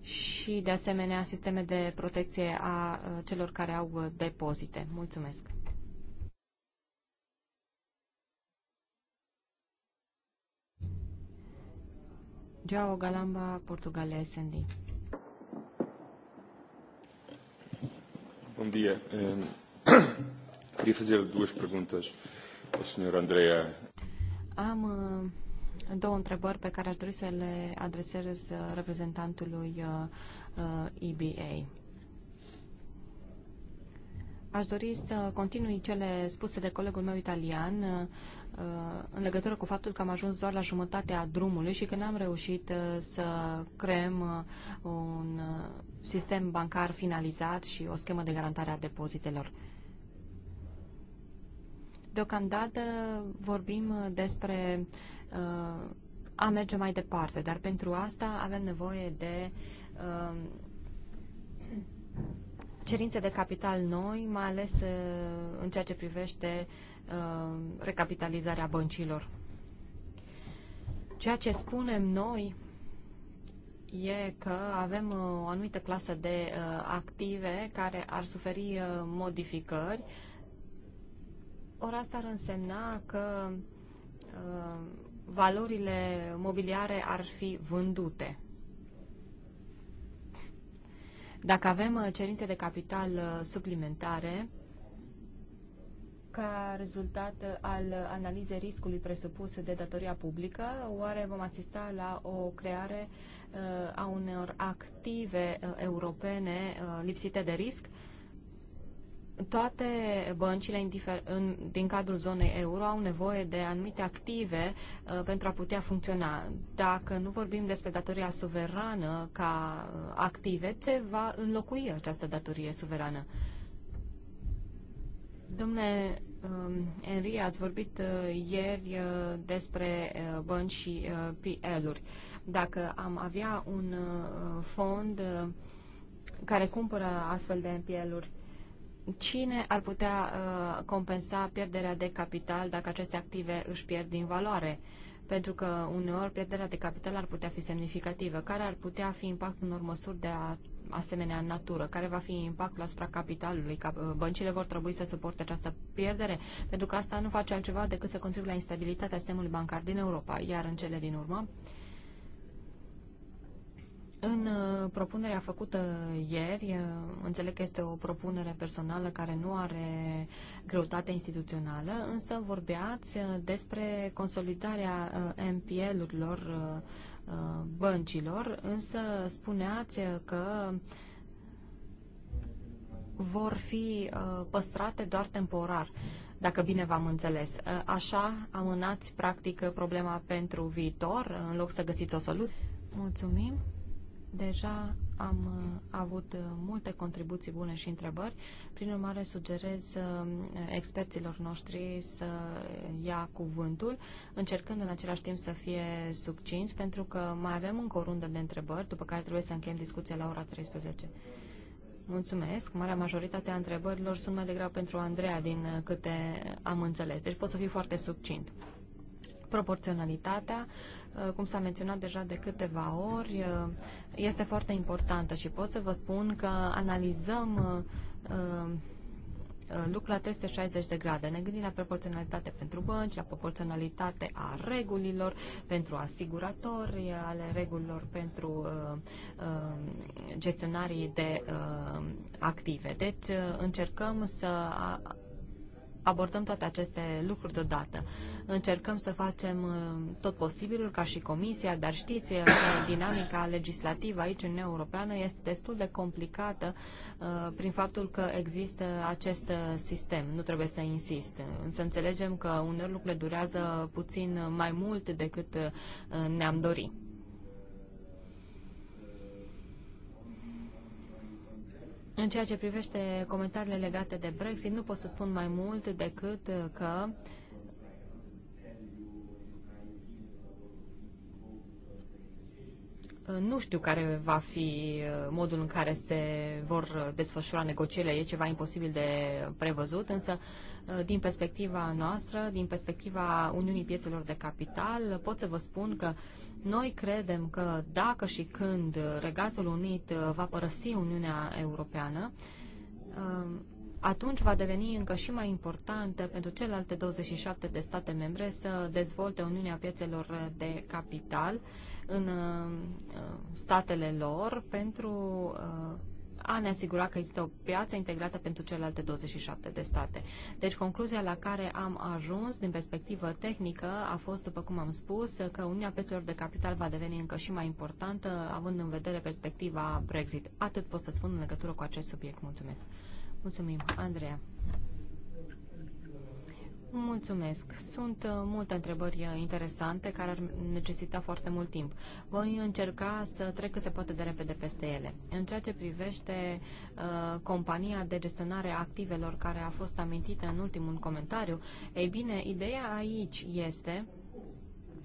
și de asemenea sisteme de protecție a uh, celor care au uh, depozite. Mulțumesc! Joao Galamba, Portugalia, SND. Bom dia. Ehm, (clears throat) Queria fazer duas perguntas ao Sr. Andrea. Am eh, două întrebări pe care aș dori să le adresez eh, reprezentantului EBA. Eh, aș dori să continui cele spuse de colegul meu italian Uh, în legătură cu faptul că am ajuns doar la jumătatea drumului și că n-am reușit uh, să creăm uh, un sistem bancar finalizat și o schemă de garantare a depozitelor. Deocamdată vorbim despre a merge mai departe, dar pentru asta avem nevoie de cerințe de capital noi, mai ales în ceea ce privește uh, Uh, recapitalizarea băncilor. Ceea ce spunem noi e că avem uh, o anumită clasă de uh, active care ar suferi modificări. Ori asta ar însemna că valorile mobiliare ar fi vândute. Dacă avem cerințe de capital suplimentare, ca rezultat al analizei riscului presupus de datoria publică, oare vom asista la o creare uh, a unor active uh, europene uh, lipsite de risc? toate băncile din cadrul zonei euro au nevoie de anumite active pentru a putea funcționa. Dacă nu vorbim despre datoria suverană ca active, ce va înlocui această datorie suverană? Domnule um, Henry, ați vorbit uh, ieri uh, despre uh, bănci și PL-uri. Dacă am avea un fond care cumpără astfel de NPL-uri, cine ar putea compensa pierderea de capital dacă aceste active își pierd din valoare? pentru că uneori pierderea de capital ar putea fi semnificativă. Care ar putea fi impactul unor măsuri de a, asemenea natură? Care va fi impactul asupra capitalului? Uh, băncile vor trebui să suporte această pierdere? Pentru că asta nu face altceva decât să contribuie la instabilitatea sistemului bancar din Europa. Iar în cele din urmă, uh, în uh, propunerea făcută ieri, uh, înțeleg că este o propunere personală care nu are greutate instituțională, însă vorbeați uh, despre consolidarea MPL-urilor băncilor, însă spuneați că vor fi păstrate doar temporar dacă bine v-am înțeles. Așa amânați practic problema pentru viitor, în loc să găsiți o soluție. Mulțumim. Deja am uh, avut uh, multe contribuții bune și întrebări. Prin urmare, sugerez uh, experților noștri să ia cuvântul, încercând în același timp să fie succinți, pentru că mai avem încă o rundă de întrebări, după care trebuie să încheiem discuția la ora 13. Mulțumesc. Marea majoritate a întrebărilor sunt mai degrabă pentru Andreea, din câte am înțeles. Deci pot să fiu foarte succint proporționalitatea, Uh, cum s-a menționat deja de câteva ori, uh, este foarte importantă și pot să vă spun că analizăm uh, lucrul la 360 de grade. Ne gândim la proporționalitate pentru bănci, la proporționalitate a regulilor pentru asiguratori, ale regulilor pentru uh, uh, gestionarii de uh, active. Deci uh, încercăm să abordăm toate aceste lucruri deodată. Încercăm să facem uh, tot posibilul ca și Comisia, dar știți uh, că dinamica legislativă aici în Europeană este destul de complicată uh, prin faptul că există acest sistem. Nu trebuie să insist. Însă înțelegem că uneori lucrurile durează puțin mai mult decât ne-am dorit. În ceea ce privește comentariile legate de Brexit, nu pot să spun mai mult decât că uh, Nu știu care va fi uh, modul în care se vor uh, desfășura negocierile, e ceva imposibil de prevăzut, însă uh, din perspectiva noastră, din perspectiva Uniunii Piețelor de Capital, pot să vă spun că noi credem că dacă și când Regatul Unit va părăsi Uniunea Europeană, atunci va deveni încă și mai important pentru celelalte 27 de state membre să dezvolte Uniunea Piețelor de Capital în uh, uh, statele lor pentru uh, a ne asigura că există o piață integrată pentru celelalte 27 de state. Deci concluzia la care am ajuns din perspectivă tehnică a fost, după cum am spus, că Uniunea Piețelor de Capital va deveni încă și mai importantă, având în vedere perspectiva Brexit. Atât pot să spun în legătură cu acest subiect. Mulțumesc! Mulțumim, Andreea. Mulțumesc. Sunt uh, multe întrebări uh, interesante care ar necesita foarte mult timp. Voi încerca să trec cât se poate de repede peste ele. În ceea ce privește uh, compania de gestionare a activelor care a fost amintită în ultimul comentariu, ei bine, ideea aici este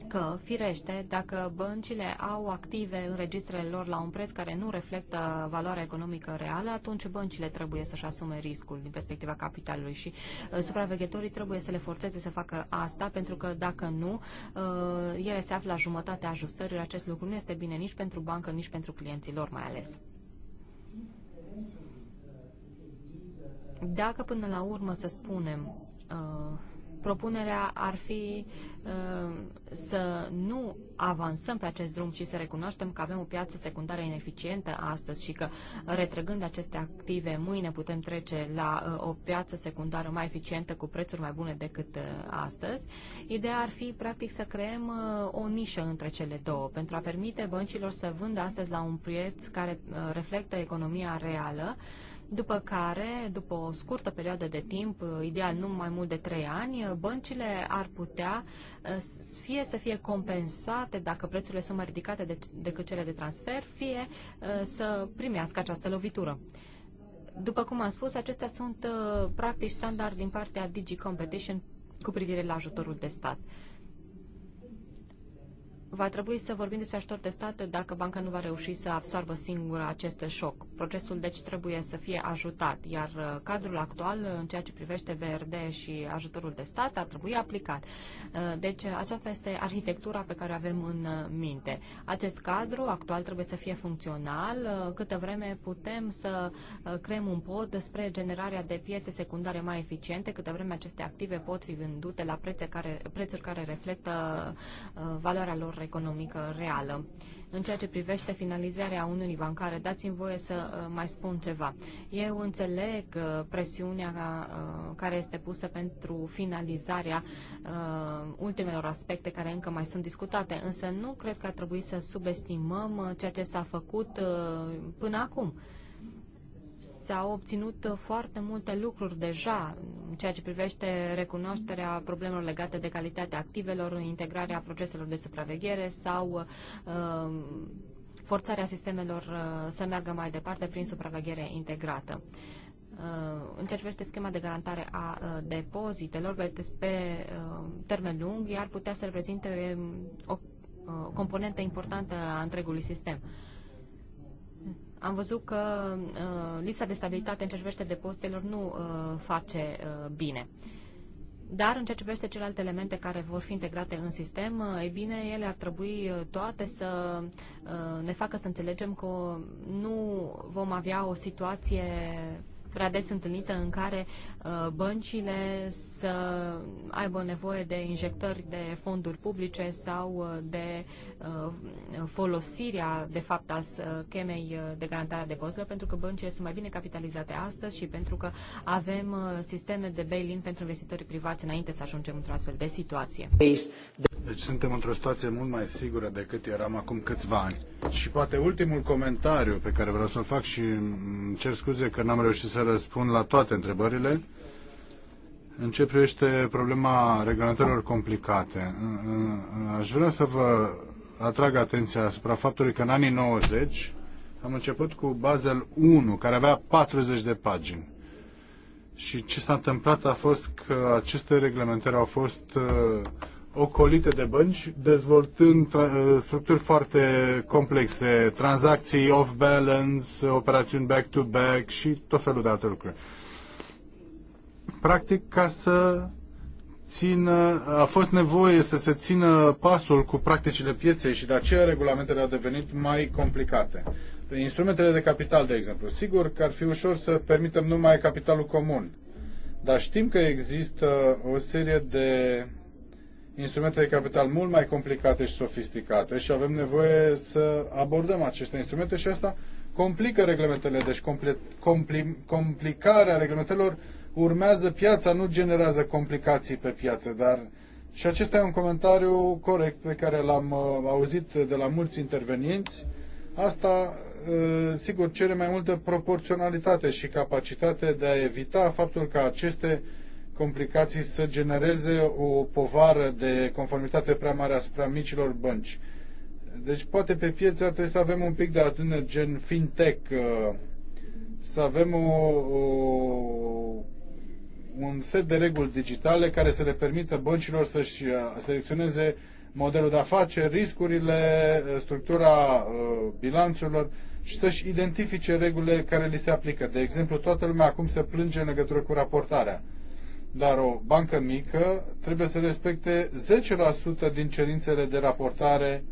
că, firește, dacă băncile au active în registrele lor la un preț care nu reflectă valoarea economică reală, atunci băncile trebuie să-și asume riscul din perspectiva capitalului și uh, supraveghetorii trebuie să le forțeze să facă asta, pentru că dacă nu, uh, ele se află la jumătatea ajustării. Acest lucru nu este bine nici pentru bancă, nici pentru clienții lor mai ales. Dacă până la urmă, să spunem, uh, propunerea ar fi uh, să nu avansăm pe acest drum, ci să recunoaștem că avem o piață secundară ineficientă astăzi și că retrăgând aceste active mâine putem trece la uh, o piață secundară mai eficientă cu prețuri mai bune decât uh, astăzi. Ideea ar fi practic să creăm o nișă între cele două pentru a permite băncilor să vândă astăzi la un preț care reflectă economia reală după care, după o scurtă perioadă de timp, ideal nu mai mult de trei ani, băncile ar putea eh, fie să fie compensate dacă prețurile sunt mai ridicate de, decât cele de transfer, fie eh, să primească această lovitură. După cum am spus, acestea sunt eh, practici standard din partea Digi Competition cu privire la ajutorul de stat va trebui să vorbim despre ajutor de stat dacă banca nu va reuși să absorbă singură acest șoc. Procesul deci trebuie să fie ajutat, iar uh, cadrul actual uh, în ceea ce privește VRD și ajutorul de stat ar trebui aplicat. Uh, deci aceasta este arhitectura pe care o avem în minte. Acest cadru actual trebuie să fie funcțional, câtă vreme putem să creăm un pod spre generarea de piețe secundare mai eficiente, câtă vreme aceste active pot fi vândute la prețe care, prețuri care reflectă valoarea lor economică reală. În ceea ce privește finalizarea Uniunii Bancare, dați-mi voie să uh, mai spun ceva. Eu înțeleg uh, presiunea uh, care este pusă pentru finalizarea ultimelor aspecte care încă mai sunt discutate, însă nu cred că ar trebui să subestimăm ceea ce s-a făcut până acum. S-au obținut uh, foarte multe lucruri deja în ceea ce privește recunoașterea problemelor legate de calitatea activelor, integrarea proceselor de supraveghere sau uh, forțarea sistemelor uh, să meargă mai departe prin supraveghere integrată. în ceea ce privește schema de garantare a depozitelor, pe termen lung, iar putea să reprezinte um, o componentă importantă a întregului sistem am văzut că uh, lipsa de stabilitate în ce privește depozitelor nu uh, face uh, bine. Dar în ceea ce privește celelalte elemente care vor fi integrate în sistem, uh, e bine, ele ar trebui uh, toate să uh, ne facă să înțelegem că nu vom avea o situație prea des întâlnită în care uh, băncile să aibă nevoie de injectări de fonduri publice sau uh, de uh, folosirea, de fapt, a schemei de garantare a depozitelor, pentru că băncile sunt mai bine capitalizate astăzi și pentru că avem sisteme de bail-in pentru investitorii privați înainte să ajungem într-o astfel de situație. Deci suntem într-o situație mult mai sigură decât eram acum câțiva ani. Și poate ultimul comentariu pe care vreau să-l fac și cer scuze că n-am reușit să răspund la toate întrebările. În ce privește problema reglementărilor complicate, aș vrea să vă atrag atenția asupra faptului că în anii 90 am început cu Basel 1, care avea 40 de pagini. Și ce s-a întâmplat a fost că aceste reglementări au fost uh, ocolite de bănci, dezvoltând ă, structuri foarte complexe, tranzacții off-balance, operațiuni back-to-back -back și tot felul de alte lucruri. Practic, ca să țină, a fost nevoie să se țină pasul cu practicile pieței și de aceea regulamentele au devenit mai complicate. Instrumentele de capital, de exemplu. Sigur că ar fi ușor să permitem numai capitalul comun, dar știm că există o serie de instrumente de capital mult mai complicate și sofisticate și avem nevoie să abordăm aceste instrumente și asta complică reglementele. Deci compli, compli, complicarea reglementelor urmează piața, nu generează complicații pe piață, dar și acesta e un comentariu corect pe care l-am uh, auzit de la mulți intervenienți. Asta, uh, sigur, cere mai multă proporționalitate și capacitate de a evita faptul că aceste complicații să genereze o povară de conformitate prea mare asupra micilor bănci. Deci poate pe piață ar trebui să avem un pic de atitudine gen fintech, uh, să avem o, o, un set de reguli digitale care să le permită băncilor să-și uh, selecționeze modelul de afaceri, riscurile, uh, structura bilanțurilor și să-și identifice regulile care li se aplică. De exemplu, toată lumea acum se plânge în legătură cu raportarea dar o bancă mică trebuie să respecte 10% din cerințele de raportare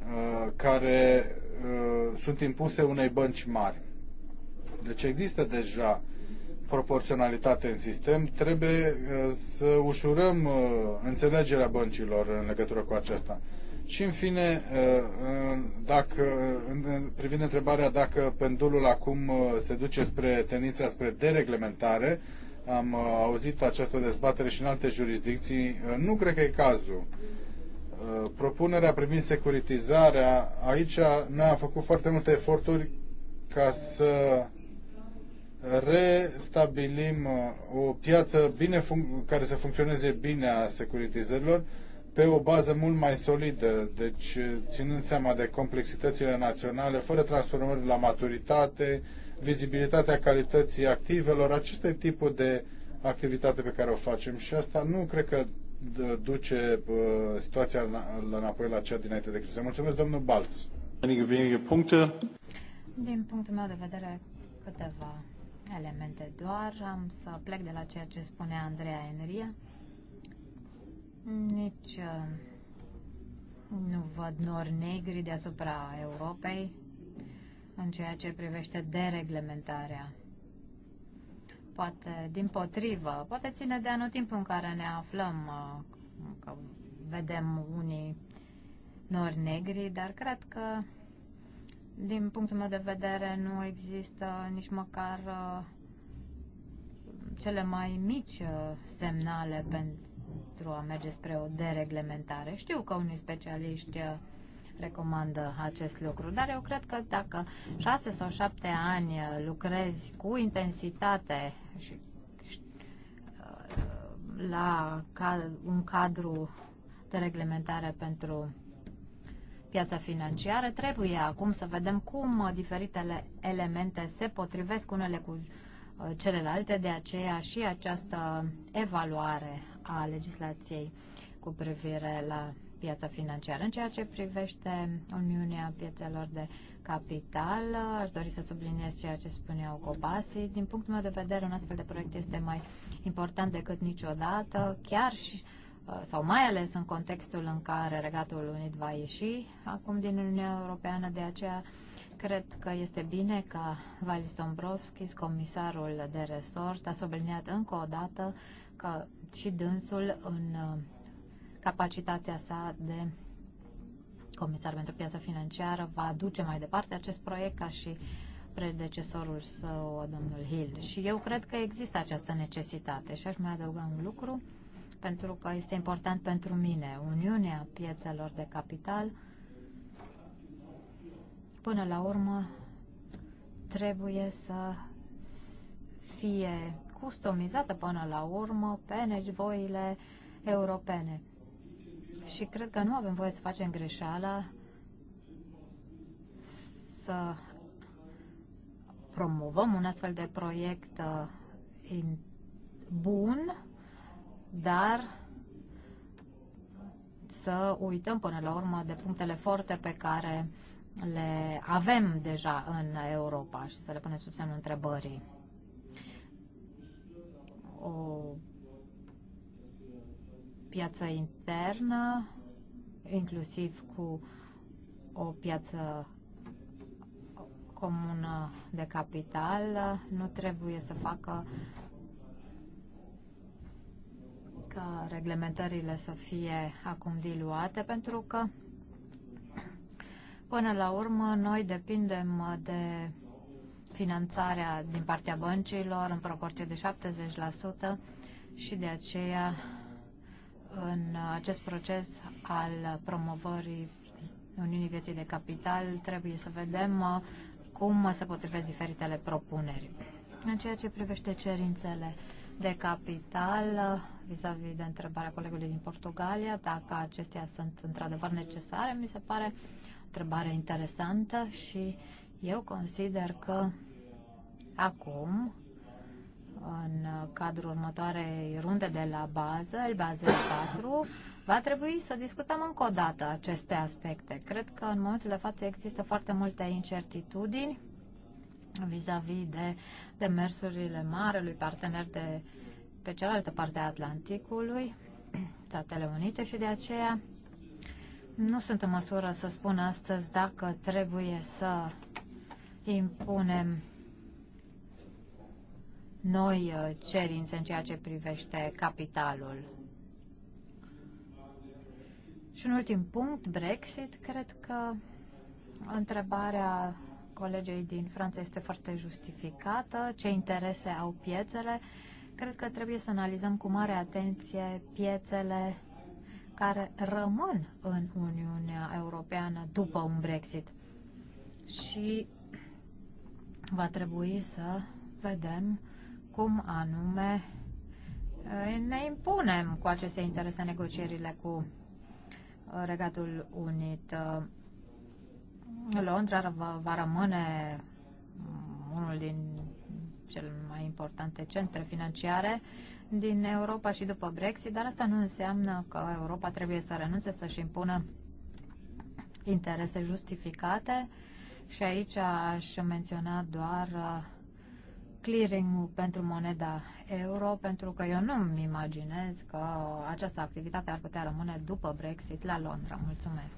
uh, care uh, sunt impuse unei bănci mari. Deci există deja proporționalitate în sistem, trebuie uh, să ușurăm uh, înțelegerea băncilor în legătură cu aceasta. Și în fine, uh, dacă, privind întrebarea dacă pendulul acum se duce spre tendința spre dereglementare, am uh, auzit această dezbatere și în alte jurisdicții. Uh, nu cred că e cazul. Uh, propunerea privind securitizarea, aici noi am făcut foarte multe eforturi ca să restabilim o piață bine care să funcționeze bine a securitizărilor pe o bază mult mai solidă, deci ținând seama de complexitățile naționale, fără transformări la maturitate, vizibilitatea calității activelor, aceste tipuri de activitate pe care o facem și asta nu cred că duce situația la, înapoi la cea dinainte de criză. Mulțumesc, domnul Balț. Din punctul meu de vedere, câteva elemente doar. Am să plec de la ceea ce spunea Andreea Enria. Nici uh, nu văd nori negri deasupra Europei în ceea ce privește dereglementarea. Poate, din potrivă, poate ține de anotimpul în care ne aflăm, uh, că vedem unii nori negri, dar cred că, din punctul meu de vedere, nu există nici măcar uh, cele mai mici uh, semnale pentru a merge spre o dereglementare. Știu că unii specialiști recomandă acest lucru. Dar eu cred că dacă șase sau șapte ani lucrezi cu intensitate și uh, la un cadru de reglementare pentru piața financiară, trebuie acum să vedem cum diferitele elemente se potrivesc unele cu uh, celelalte, de aceea și această evaluare a legislației cu privire la piața financiară. În ceea ce privește Uniunea Piețelor de Capital, aș dori să subliniez ceea ce spunea Ocobasi. Din punctul meu de vedere, un astfel de proiect este mai important decât niciodată, chiar și uh, sau mai ales în contextul în care Regatul Unit va ieși acum din Uniunea Europeană, de aceea cred că este bine că Valis Dombrovskis, comisarul de resort, a subliniat încă o dată că și dânsul în uh, capacitatea sa de comisar pentru piața financiară va duce mai departe acest proiect ca și predecesorul său, domnul Hill. Și eu cred că există această necesitate și aș mai adăuga un lucru pentru că este important pentru mine. Uniunea piețelor de capital până la urmă trebuie să fie customizată până la urmă pe nevoile europene. Și cred că nu avem voie să facem greșeala să promovăm un astfel de proiect uh, bun, dar să uităm până la urmă de punctele forte pe care le avem deja în Europa și să le punem sub semnul întrebării. O piață internă, inclusiv cu o piață comună de capital, nu trebuie să facă ca reglementările să fie acum diluate, pentru că până la urmă noi depindem de finanțarea din partea băncilor în proporție de 70% și de aceea în acest proces al promovării Uniunii Vieții de Capital trebuie să vedem uh, cum se potrivesc diferitele propuneri. În ceea ce privește cerințele de capital, uh, vis-a-vis -vis de întrebarea colegului din Portugalia, dacă acestea sunt într-adevăr necesare, mi se pare o întrebare interesantă și eu consider că acum în cadrul următoarei runde de la bază, el bază 4, va trebui să discutăm încă o dată aceste aspecte. Cred că în momentul de față există foarte multe incertitudini vis-a-vis -vis de demersurile marelui partener de pe cealaltă parte a Atlanticului, (clears throat) Statele Unite și de aceea nu sunt în măsură să spun astăzi dacă trebuie să impunem noi uh, cerințe în ceea ce privește capitalul. Și un ultim punct, Brexit, cred că întrebarea colegei din Franța este foarte justificată. Ce interese au piețele? Cred că trebuie să analizăm cu mare atenție piețele care rămân în Uniunea Europeană după un Brexit. Și va trebui să vedem cum anume eh, ne impunem cu aceste interese negocierile cu eh, Regatul Unit. Eh, Londra va, va rămâne mm, unul din cele mai importante centre financiare din Europa și după Brexit, dar asta nu înseamnă că Europa trebuie să renunțe să-și impună interese justificate și aici aș menționa doar clearing pentru moneda euro, pentru că eu nu-mi imaginez că această activitate ar putea rămâne după Brexit la Londra. Mulțumesc.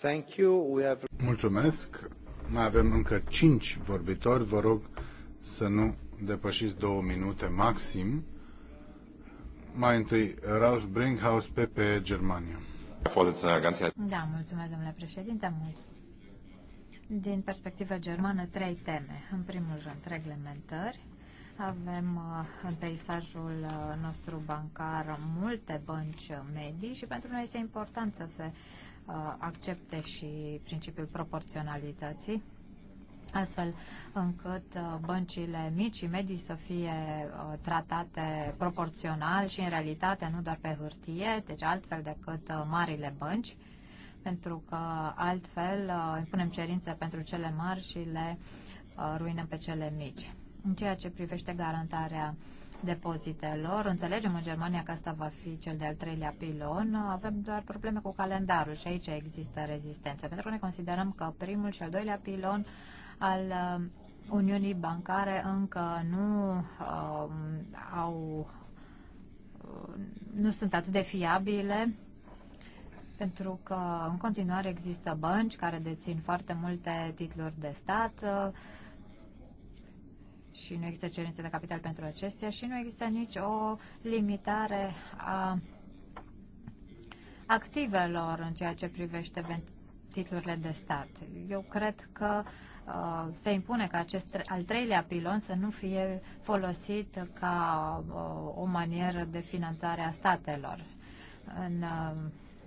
Thank you. We have... Mulțumesc. Mai avem încă cinci vorbitori. Vă rog să nu depășiți două minute maxim. Mai întâi, Ralf Brinkhaus, PP Germania. Da, mulțumesc, domnule președinte, mulțumesc din perspectiva germană trei teme. În primul rând, reglementări. Avem în uh, peisajul uh, nostru bancar multe bănci uh, medii și pentru noi este important să se accepte și principiul proporționalității astfel încât băncile mici și medii să fie tratate proporțional și în realitate, nu doar pe hârtie, deci altfel decât marile bănci pentru că altfel uh, punem cerințe pentru cele mari și le uh, ruinăm pe cele mici. În ceea ce privește garantarea depozitelor. Înțelegem în Germania că asta va fi cel de-al treilea pilon. Uh, avem doar probleme cu calendarul și aici există rezistență, pentru că ne considerăm că primul și al doilea pilon al Uniunii Bancare încă nu uh, au nu sunt atât de fiabile pentru că în continuare există bănci care dețin foarte multe titluri de stat uh, și nu există cerințe de capital pentru acestea și nu există nici o limitare a activelor în ceea ce privește titlurile de stat. Eu cred că uh, se impune ca acest al treilea pilon să nu fie folosit ca uh, o manieră de finanțare a statelor. În uh,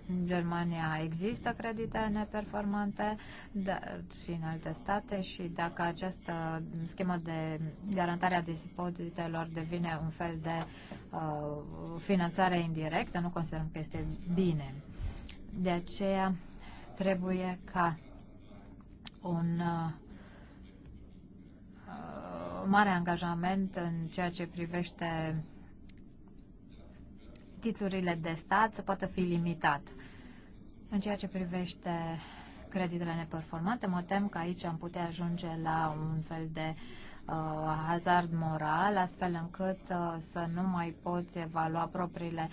în Germania există credite neperformante dar și în alte state și dacă această schemă de garantare a depozitelor devine un fel de uh, finanțare indirectă, nu considerăm că este bine. De aceea trebuie ca un uh, mare angajament în ceea ce privește titlurile de stat să poată fi limitat. În ceea ce privește creditele neperformante, mă tem că aici am putea ajunge la un fel de uh, hazard moral, astfel încât uh, să nu mai poți evalua propriile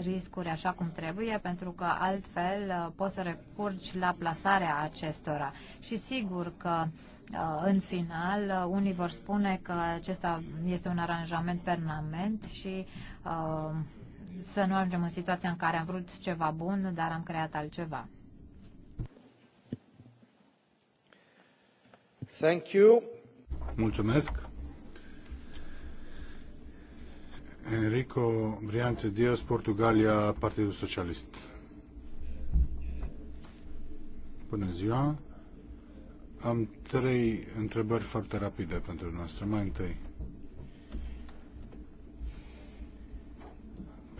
riscuri așa cum trebuie, pentru că altfel uh, poți să recurgi la plasarea acestora. Și sigur că uh, în final, uh, unii vor spune că acesta este un aranjament permanent și uh, să nu ajungem în situația în care am vrut ceva bun, dar am creat altceva. Thank you. Mulțumesc. Enrico Briante Dias, Portugalia, Partidul Socialist. Bună ziua. Am trei întrebări foarte rapide pentru noastră. Mai întâi.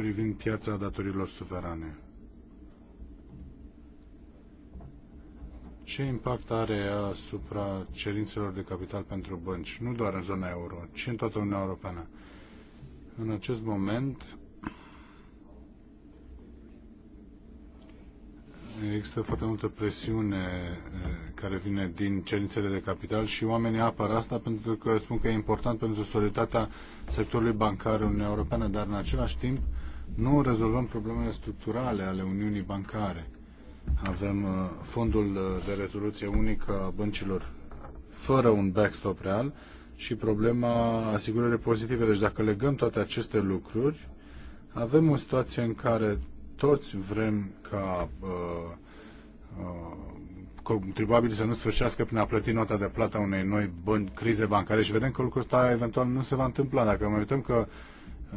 privind piața datorilor suverane. Ce impact are asupra cerințelor de capital pentru bănci, nu doar în zona euro, ci în toată Uniunea Europeană? În acest moment există foarte multă presiune eh, care vine din cerințele de capital și oamenii apar asta pentru că spun că e important pentru soliditatea sectorului bancar în Uniunea Europeană, dar în același timp nu rezolvăm problemele structurale ale Uniunii Bancare. Avem uh, fondul uh, de rezoluție unică a băncilor fără un backstop real și problema asigurării pozitive. Deci dacă legăm toate aceste lucruri, avem o situație în care toți vrem ca uh, uh, contribuabilii să nu sfârșească prin a plăti nota de plată a unei noi bani, crize bancare și vedem că lucrul ăsta eventual nu se va întâmpla. Dacă mai uităm că Uh,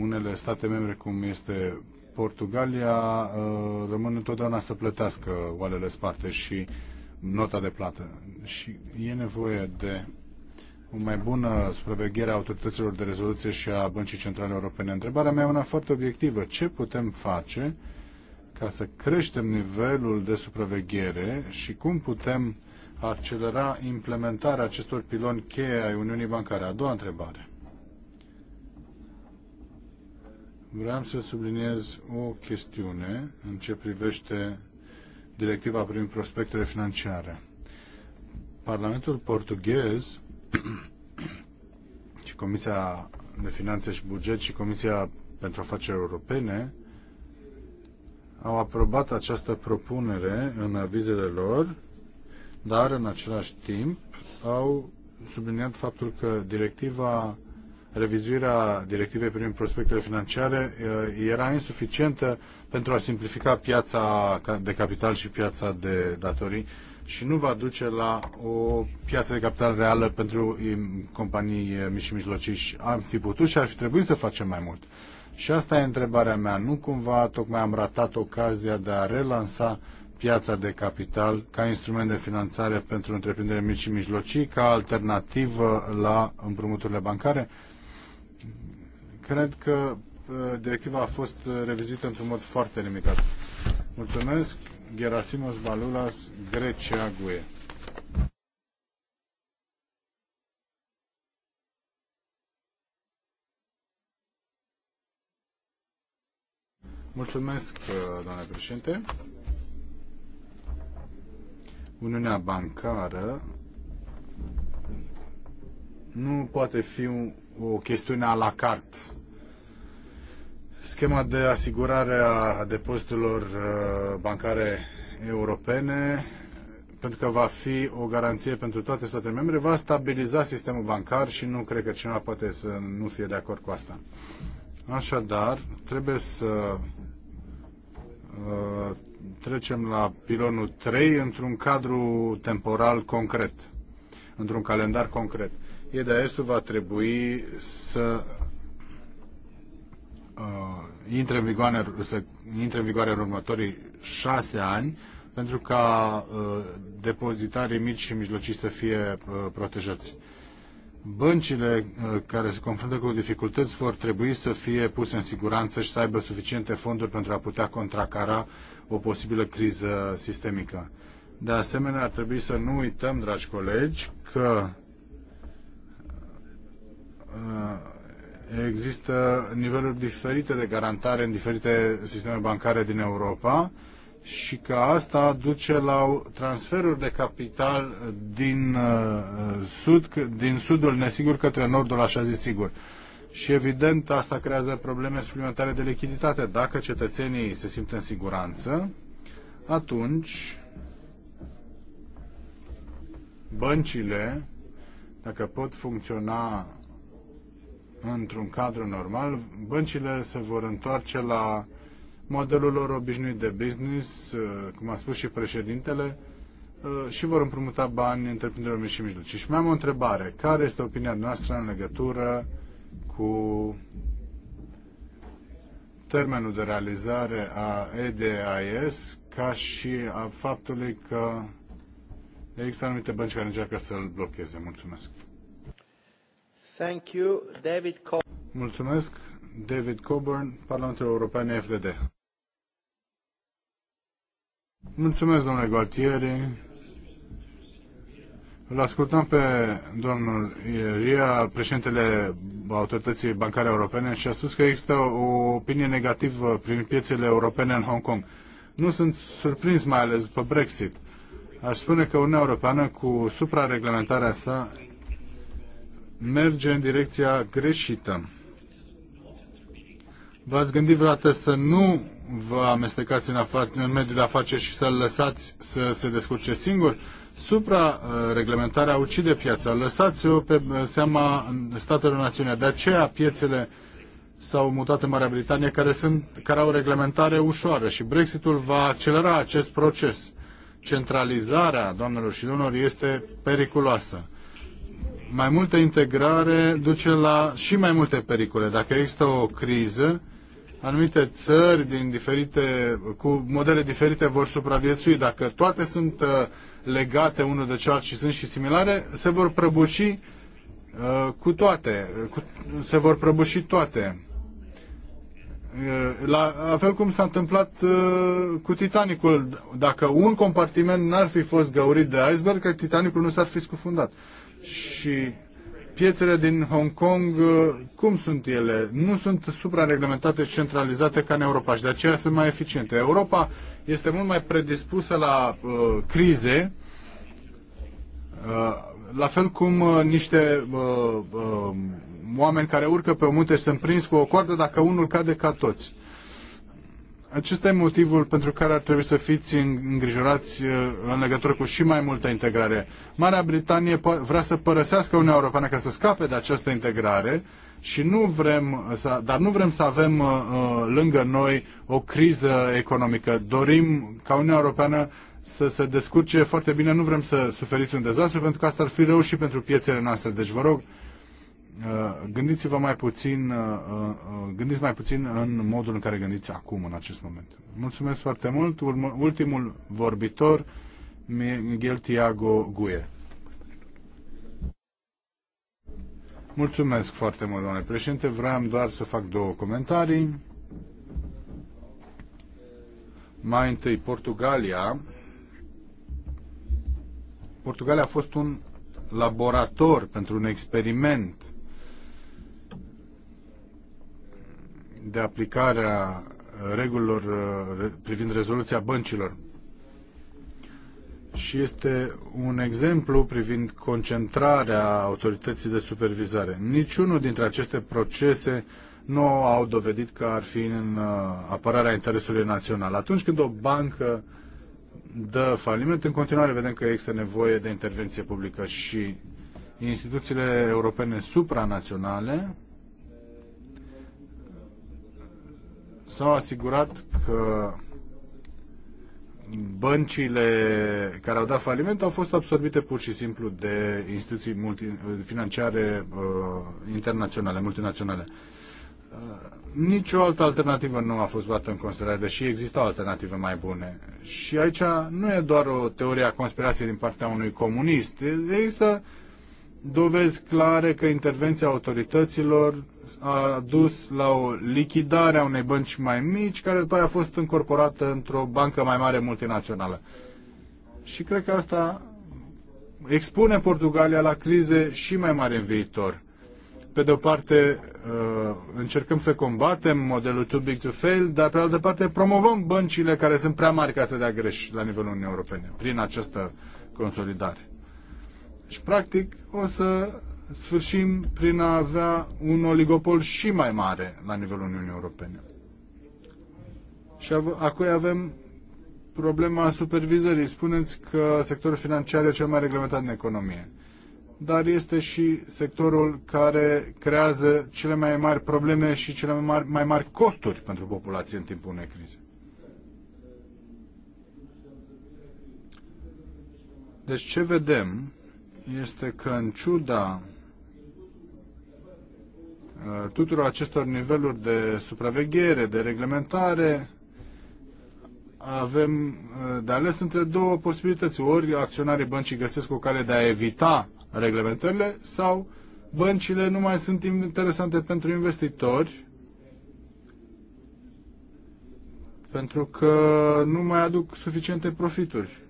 unele state membre, cum este Portugalia, uh, rămân întotdeauna să plătească oalele sparte și nota de plată. Și e nevoie de o mai bună supraveghere a autorităților de rezoluție și a Băncii Centrale Europene. Întrebarea mea e una foarte obiectivă. Ce putem face ca să creștem nivelul de supraveghere și cum putem accelera implementarea acestor piloni cheie ai Uniunii Bancare? A doua întrebare. Vreau să subliniez o chestiune în ce privește directiva privind prospectele financiare. Parlamentul portughez (clears throat) și Comisia de Finanțe și Buget și Comisia pentru Afaceri Europene au aprobat această propunere în avizele lor, dar în același timp au subliniat faptul că directiva revizuirea directivei privind prospectele financiare uh, era insuficientă pentru a simplifica piața de capital și piața de datorii și nu va duce la o piață de capital reală pentru companii uh, mici și mijlocii. Am fi putut și ar fi trebuit să facem mai mult. Și asta e întrebarea mea. Nu cumva tocmai am ratat ocazia de a relansa piața de capital ca instrument de finanțare pentru întreprindere mici și mijlocii, ca alternativă la împrumuturile bancare? cred că uh, directiva a fost uh, revizuită într-un mod foarte limitat. Mulțumesc, Gerasimos Balulas, Grecia GUE. Mulțumesc, uh, doamne președinte. Uniunea bancară nu poate fi o chestiune a la carte schema de asigurare a depozitelor uh, bancare europene, pentru că va fi o garanție pentru toate statele membre, va stabiliza sistemul bancar și nu cred că cineva poate să nu fie de acord cu asta. Așadar, trebuie să uh, trecem la pilonul 3 într-un cadru temporal concret, într-un calendar concret. EDS-ul va trebui să uh, intre, în vigoare, să intre în vigoare în următorii șase ani pentru ca uh, depozitarii mici și mijlocii să fie uh, protejați. Băncile uh, care se confruntă cu dificultăți vor trebui să fie puse în siguranță și să aibă suficiente fonduri pentru a putea contracara o posibilă criză sistemică. De asemenea, ar trebui să nu uităm, dragi colegi, că uh, Există niveluri diferite de garantare în diferite sisteme bancare din Europa și că asta duce la transferuri de capital din, uh, sud, din sudul nesigur către nordul așa zis sigur. Și evident asta creează probleme suplimentare de lichiditate. Dacă cetățenii se simt în siguranță, atunci băncile, dacă pot funcționa într-un cadru normal, băncile se vor întoarce la modelul lor obișnuit de business, uh, cum a spus și președintele, uh, și vor împrumuta bani întreprinderilor mici și mijlocii. Și mai am o întrebare. Care este opinia noastră în legătură cu termenul de realizare a EDIS ca și a faptului că există anumite bănci care încearcă să-l blocheze? Mulțumesc. Mulțumesc, David Coburn, European FDD. Mulțumesc, domnule Gualtieri. Îl ascultăm pe domnul Ria, președintele Autorității Bancare Europene, și a spus că există o opinie negativă prin piețele europene în Hong Kong. Nu sunt surprins, mai ales după Brexit. Aș spune că Uniunea Europeană, cu suprareglementarea sa, merge în direcția greșită. V-ați gândit vreodată să nu vă amestecați în, afa- în mediul de afaceri și să-l lăsați să se descurce singur? Supra-reglementarea uh, ucide piața. Lăsați-o pe uh, seama statelor națiune. De aceea piețele s-au mutat în Marea Britanie, care, sunt, care au reglementare ușoară și Brexitul va accelera acest proces. Centralizarea, doamnelor și domnilor, este periculoasă mai multă integrare duce la și mai multe pericole. Dacă există o criză, anumite țări din diferite, cu modele diferite vor supraviețui. Dacă toate sunt uh, legate unul de celălalt și sunt și similare, se vor prăbuși uh, cu toate, cu, se vor prăbuși toate. la, uh, la fel cum s-a întâmplat uh, cu Titanicul. Dacă un compartiment n-ar fi fost găurit de iceberg, Titanicul nu s-ar fi scufundat și piețele din Hong Kong, cum sunt ele? Nu sunt suprareglementate și centralizate ca în Europa și de aceea sunt mai eficiente. Europa este mult mai predispusă la uh, crize, uh, la fel cum uh, niște uh, uh, oameni care urcă pe o munte sunt prins cu o coardă, dacă unul cade ca toți. Uh, acesta e motivul pentru care ar trebui să fiți îngrijorați uh, în legătură cu și mai multă integrare. Marea Britanie vrea să părăsească Uniunea Europeană ca să scape de această integrare și nu vrem să, dar nu vrem să avem uh, uh, lângă noi o criză economică. Dorim ca Uniunea Europeană să se descurce foarte bine, nu vrem să suferiți un dezastru pentru că asta ar fi rău și pentru piețele noastre. Deci vă rog Uh, gândiți-vă mai puțin, uh, uh, gândiți mai puțin în modul în care gândiți acum, în acest moment. Mulțumesc foarte mult. Ultimul vorbitor, Miguel Tiago Guie. Mulțumesc foarte mult, domnule președinte. Vreau doar să fac două comentarii. Mai întâi, Portugalia. Portugalia a fost un laborator pentru un experiment de aplicare a regulilor uh, privind rezoluția băncilor. Și este un exemplu privind concentrarea autorității de supervizare. Niciunul dintre aceste procese nu au dovedit că ar fi în uh, apărarea interesului național. Atunci când o bancă dă faliment, în continuare vedem că există nevoie de intervenție publică și instituțiile europene supranaționale s-au asigurat că băncile care au dat faliment au fost absorbite pur și simplu de instituții multi, financiare uh, internaționale, multinaționale. Uh, nicio altă alternativă nu a fost luată în considerare, deși existau alternative mai bune. Și aici nu e doar o teorie a conspirației din partea unui comunist. Există uh, dovezi clare că intervenția autorităților a dus la o lichidare a unei bănci mai mici, care după aia a fost încorporată într-o bancă mai mare multinacională. Și cred că asta expune Portugalia la crize și mai mari în viitor. Pe de o parte uh, încercăm să combatem modelul too big to fail, dar pe de altă parte promovăm băncile care sunt prea mari ca să dea greș la nivelul Uniunii Europene prin această consolidare. Și, practic, o să sfârșim prin a avea un oligopol și mai mare la nivelul Uniunii Europene. Și apoi avem problema supervizării. Spuneți că sectorul financiar e cel mai reglementat în economie. Dar este și sectorul care creează cele mai mari probleme și cele mai mari, mai mari costuri pentru populație în timpul unei crize. Deci ce vedem este că în ciuda uh, tuturor acestor niveluri de supraveghere, de reglementare, avem uh, de ales între două posibilități. Ori acționarii băncii găsesc o cale de a evita reglementările sau băncile nu mai sunt interesante pentru investitori pentru că nu mai aduc suficiente profituri.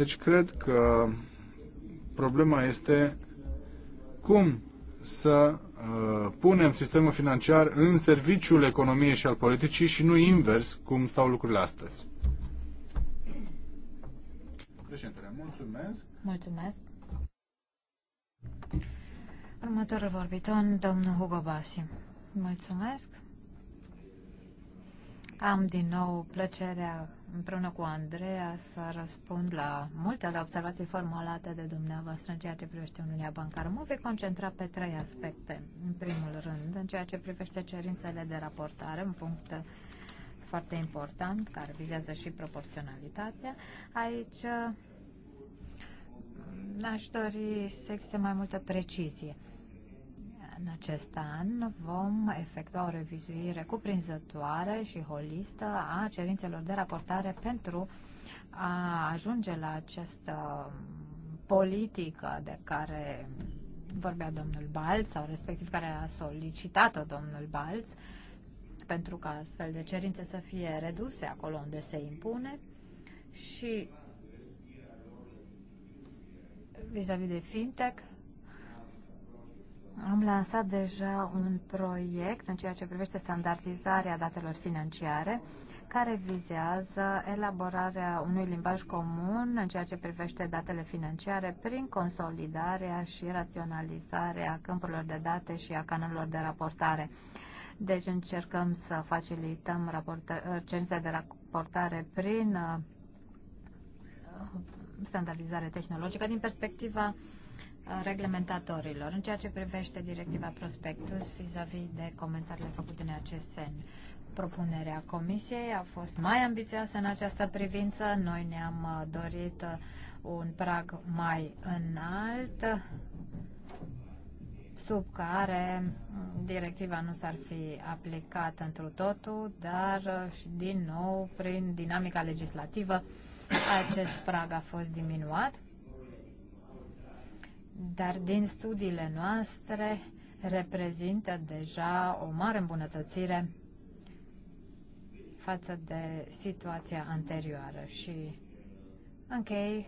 Deci cred că problema este cum să uh, punem sistemul financiar în serviciul economiei și al politicii și nu invers cum stau lucrurile astăzi. Președintele, mulțumesc. Mulțumesc. Următorul vorbitor, domnul Hugo Basi. Mulțumesc. Am din nou plăcerea împreună cu Andreea să răspund la multe la observații formulate de dumneavoastră în ceea ce privește Uniunea Bancară. Mă voi concentra pe trei aspecte. În primul rând, în ceea ce privește cerințele de raportare, un punct foarte important care vizează și proporționalitatea. Aici uh, n aș dori să existe mai multă precizie. În acest an vom efectua o revizuire cuprinzătoare și holistă a cerințelor de raportare pentru a ajunge la această politică de care vorbea domnul Balț sau respectiv care a solicitat-o domnul Balț pentru ca astfel de cerințe să fie reduse acolo unde se impune și vis-a-vis -vis de fintech am lansat deja un proiect în ceea ce privește standardizarea datelor financiare, care vizează elaborarea unui limbaj comun în ceea ce privește datele financiare prin consolidarea și raționalizarea câmpurilor de date și a canalelor de raportare. Deci încercăm să facilităm uh, cerințe de raportare prin uh, standardizare tehnologică din perspectiva uh, reglementatorilor. În ceea ce privește directiva prospectus vis-a-vis -vis de comentariile făcute în acest sens, propunerea comisiei a fost mai ambițioasă în această privință. Noi ne-am uh, dorit uh, un prag mai înalt sub care mm, directiva nu s-ar fi aplicat întru totul, dar uh, și din nou prin dinamica legislativă acest prag a fost diminuat dar din studiile noastre reprezintă deja o mare îmbunătățire față de situația anterioară și închei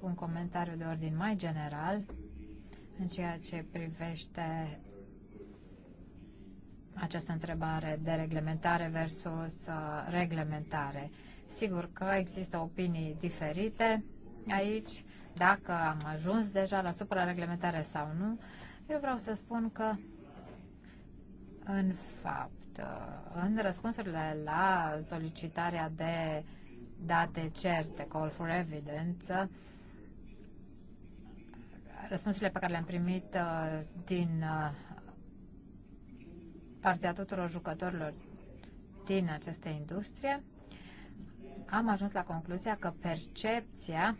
cu un comentariu de ordin mai general în ceea ce privește această întrebare de reglementare versus uh, reglementare. Sigur că există opinii diferite aici, dacă am ajuns deja la suprareglementare sau nu, eu vreau să spun că, în fapt, în răspunsurile la solicitarea de date certe, call for evidence, răspunsurile pe care le-am primit uh, din uh, partea tuturor jucătorilor din această industrie, am ajuns la concluzia că percepția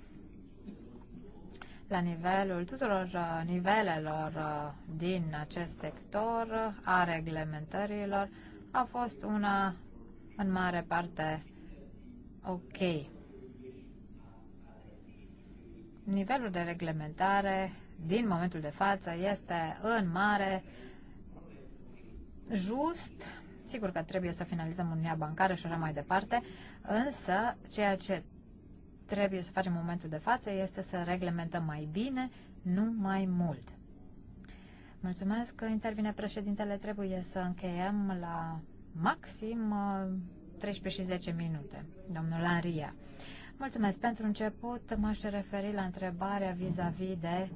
la nivelul tuturor uh, nivelelor uh, din acest sector uh, a reglementărilor a fost una în mare parte ok. Nivelul de reglementare din momentul de față este în mare just. Sigur că trebuie să finalizăm unia bancară și așa mai departe, însă ceea ce trebuie să facem în momentul de față este să reglementăm mai bine, nu mai mult. Mulțumesc că intervine președintele. Trebuie să încheiem la maxim 13 uh, și 10 minute. Domnul Anria. Mulțumesc. Pentru început m-aș referi la întrebarea vis-a-vis -vis de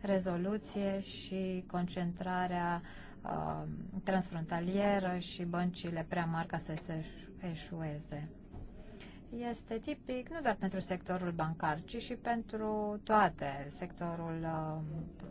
rezoluție și concentrarea uh, transfrontalieră și băncile prea mari ca să se eșueze este tipic nu doar pentru sectorul bancar, ci și pentru toate, sectorul uh,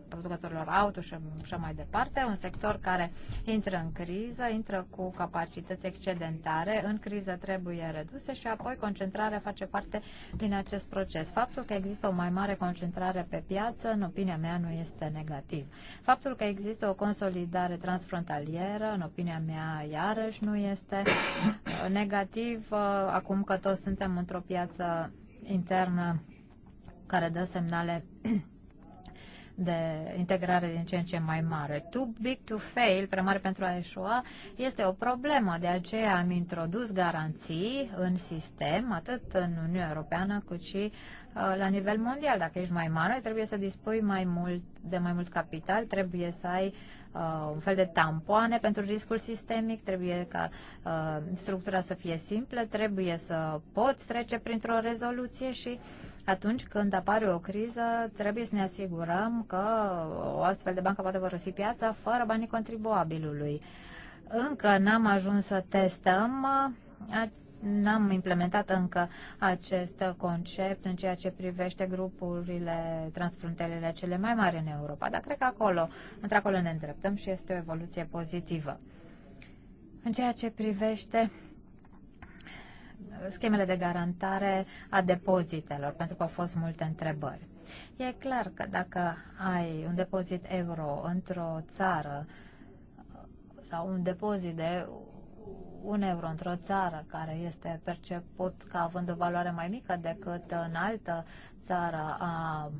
producătorilor auto și așa mai departe, un sector care intră în criză, intră cu capacități excedentare, în criză trebuie reduse și apoi concentrarea face parte din acest proces. Faptul că există o mai mare concentrare pe piață, în opinia mea, nu este negativ. Faptul că există o consolidare transfrontalieră, în opinia mea, iarăși nu este uh, negativ, uh, acum că toți suntem într-o piață internă care dă semnale (clears throat) de integrare din ce în ce mai mare. Too big to fail, prea mare pentru a eșua, este o problemă. De aceea am introdus garanții în sistem, atât în Uniunea Europeană cât și Uh, la nivel mondial. Dacă ești mai mare, trebuie să dispui mai mult, de mai mult capital, trebuie să ai uh, un fel de tampoane pentru riscul sistemic, trebuie ca uh, structura să fie simplă, trebuie să poți trece printr-o rezoluție și atunci când apare o criză, trebuie să ne asigurăm că o astfel de bancă poate părăsi piața fără banii contribuabilului. Încă n-am ajuns să testăm uh, n-am implementat încă acest concept în ceea ce privește grupurile transfrontalele cele mai mari în Europa, dar cred că acolo, într-acolo ne îndreptăm și este o evoluție pozitivă. În ceea ce privește schemele de garantare a depozitelor, pentru că au fost multe întrebări. E clar că dacă ai un depozit euro într-o țară sau un depozit de un euro într-o țară care este perceput ca având o valoare mai mică decât în altă țară a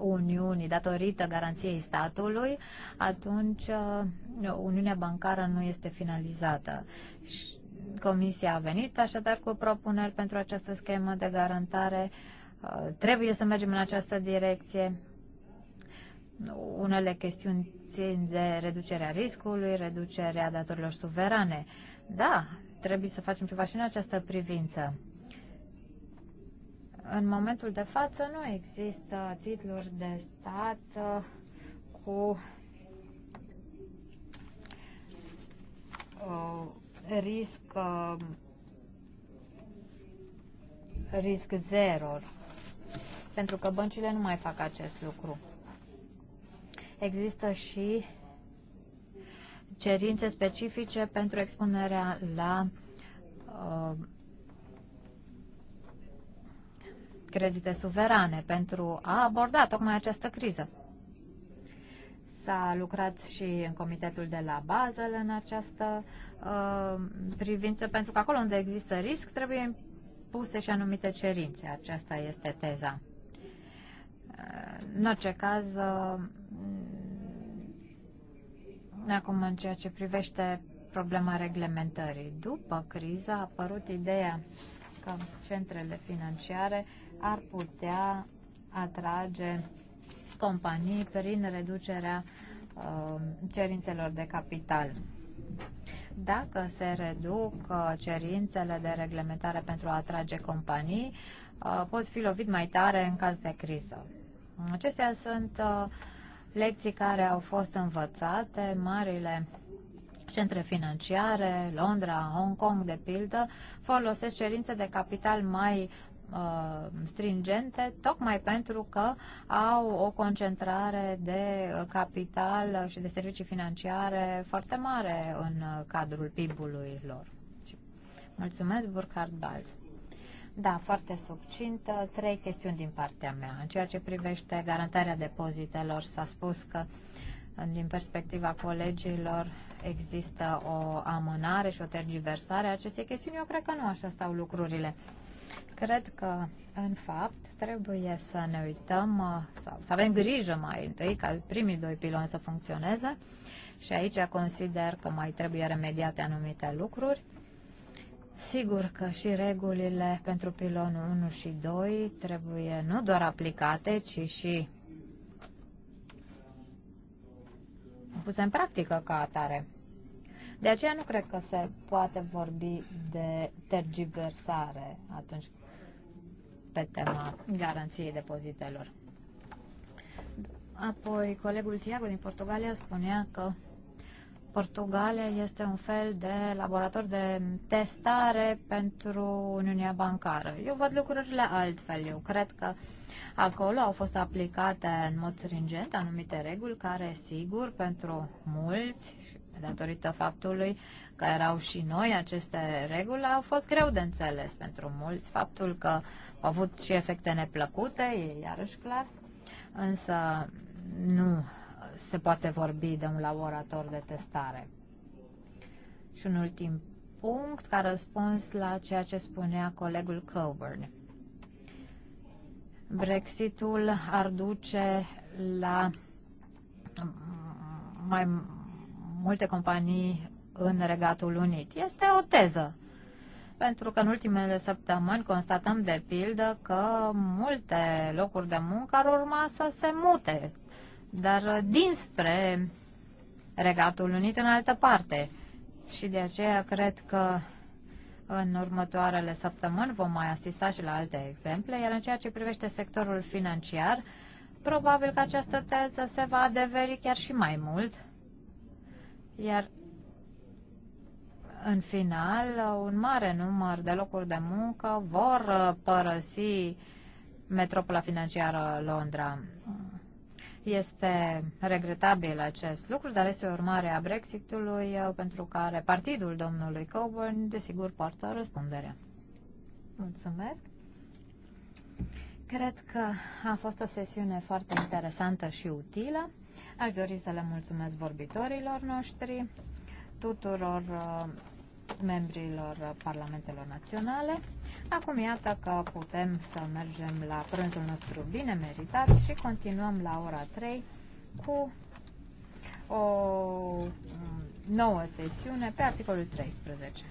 Uniunii datorită garanției statului, atunci uh, Uniunea bancară nu este finalizată. Comisia a venit așadar cu propuneri pentru această schemă de garantare. Uh, trebuie să mergem în această direcție. Unele chestiuni țin de reducerea riscului, reducerea datorilor suverane. Da, trebuie să facem ceva și în această privință. În momentul de față nu există titluri de stat uh, cu uh, risc uh, risc zero pentru că băncile nu mai fac acest lucru există și cerințe specifice pentru expunerea la uh, credite suverane pentru a aborda tocmai această criză. S-a lucrat și în comitetul de la Basel în această uh, privință, pentru că acolo unde există risc trebuie impuse și anumite cerințe. Aceasta este teza. Uh, în orice caz, uh, Mm. Acum, în ceea ce privește problema reglementării, după criză a apărut ideea că centrele financiare ar putea atrage companii prin reducerea uh, cerințelor de capital. Dacă se reduc uh, cerințele de reglementare pentru a atrage companii, uh, pot fi lovit mai tare în caz de criză. Acestea sunt uh, lecții care au fost învățate, marile centre financiare, Londra, Hong Kong, de pildă, folosesc cerințe de capital mai uh, stringente, tocmai pentru că au o concentrare de capital și de servicii financiare foarte mare în uh, cadrul PIB-ului lor. Mulțumesc, Burkhard Balz. Da, foarte succint. Trei chestiuni din partea mea. În ceea ce privește garantarea depozitelor, s-a spus că din perspectiva colegilor există o amânare și o tergiversare a acestei chestiuni. Eu cred că nu așa stau lucrurile. Cred că, în fapt, trebuie să ne uităm, uh, sau să avem grijă mai întâi ca primii doi piloni să funcționeze și aici consider că mai trebuie remediate anumite lucruri Sigur că și regulile pentru pilonul 1 și 2 trebuie nu doar aplicate, ci și puse în practică ca atare. De aceea nu cred că se poate vorbi de tergiversare atunci pe tema garanției depozitelor. Apoi, colegul Tiago din Portugalia spunea că Portugalia este un fel de laborator de testare pentru Uniunea Bancară. Eu văd lucrurile altfel. Eu cred că acolo au fost aplicate în mod stringent anumite reguli care, sigur, pentru mulți, datorită faptului că erau și noi aceste reguli, au fost greu de înțeles pentru mulți. Faptul că au avut și efecte neplăcute e iarăși clar. Însă nu se poate vorbi de un laborator de testare. Și un ultim punct ca răspuns la ceea ce spunea colegul Coburn. Brexitul ar duce la mai multe companii în Regatul Unit. Este o teză. Pentru că în ultimele săptămâni constatăm de pildă că multe locuri de muncă ar urma să se mute dar uh, dinspre Regatul Unit în altă parte. Și de aceea cred că în următoarele săptămâni vom mai asista și la alte exemple, iar în ceea ce privește sectorul financiar, probabil că această teză se va adeveri chiar și mai mult. Iar în final, un mare număr de locuri de muncă vor uh, părăsi metropola financiară Londra. Este regretabil acest lucru, dar este o urmare a Brexitului uh, pentru care partidul domnului Coburn, desigur, poartă răspunderea. Mulțumesc! Cred că a fost o sesiune foarte interesantă și utilă. Aș dori să le mulțumesc vorbitorilor noștri, tuturor uh, membrilor parlamentelor naționale. Acum iată că putem să mergem la prânzul nostru bine meritat și continuăm la ora 3 cu o nouă sesiune pe articolul 13.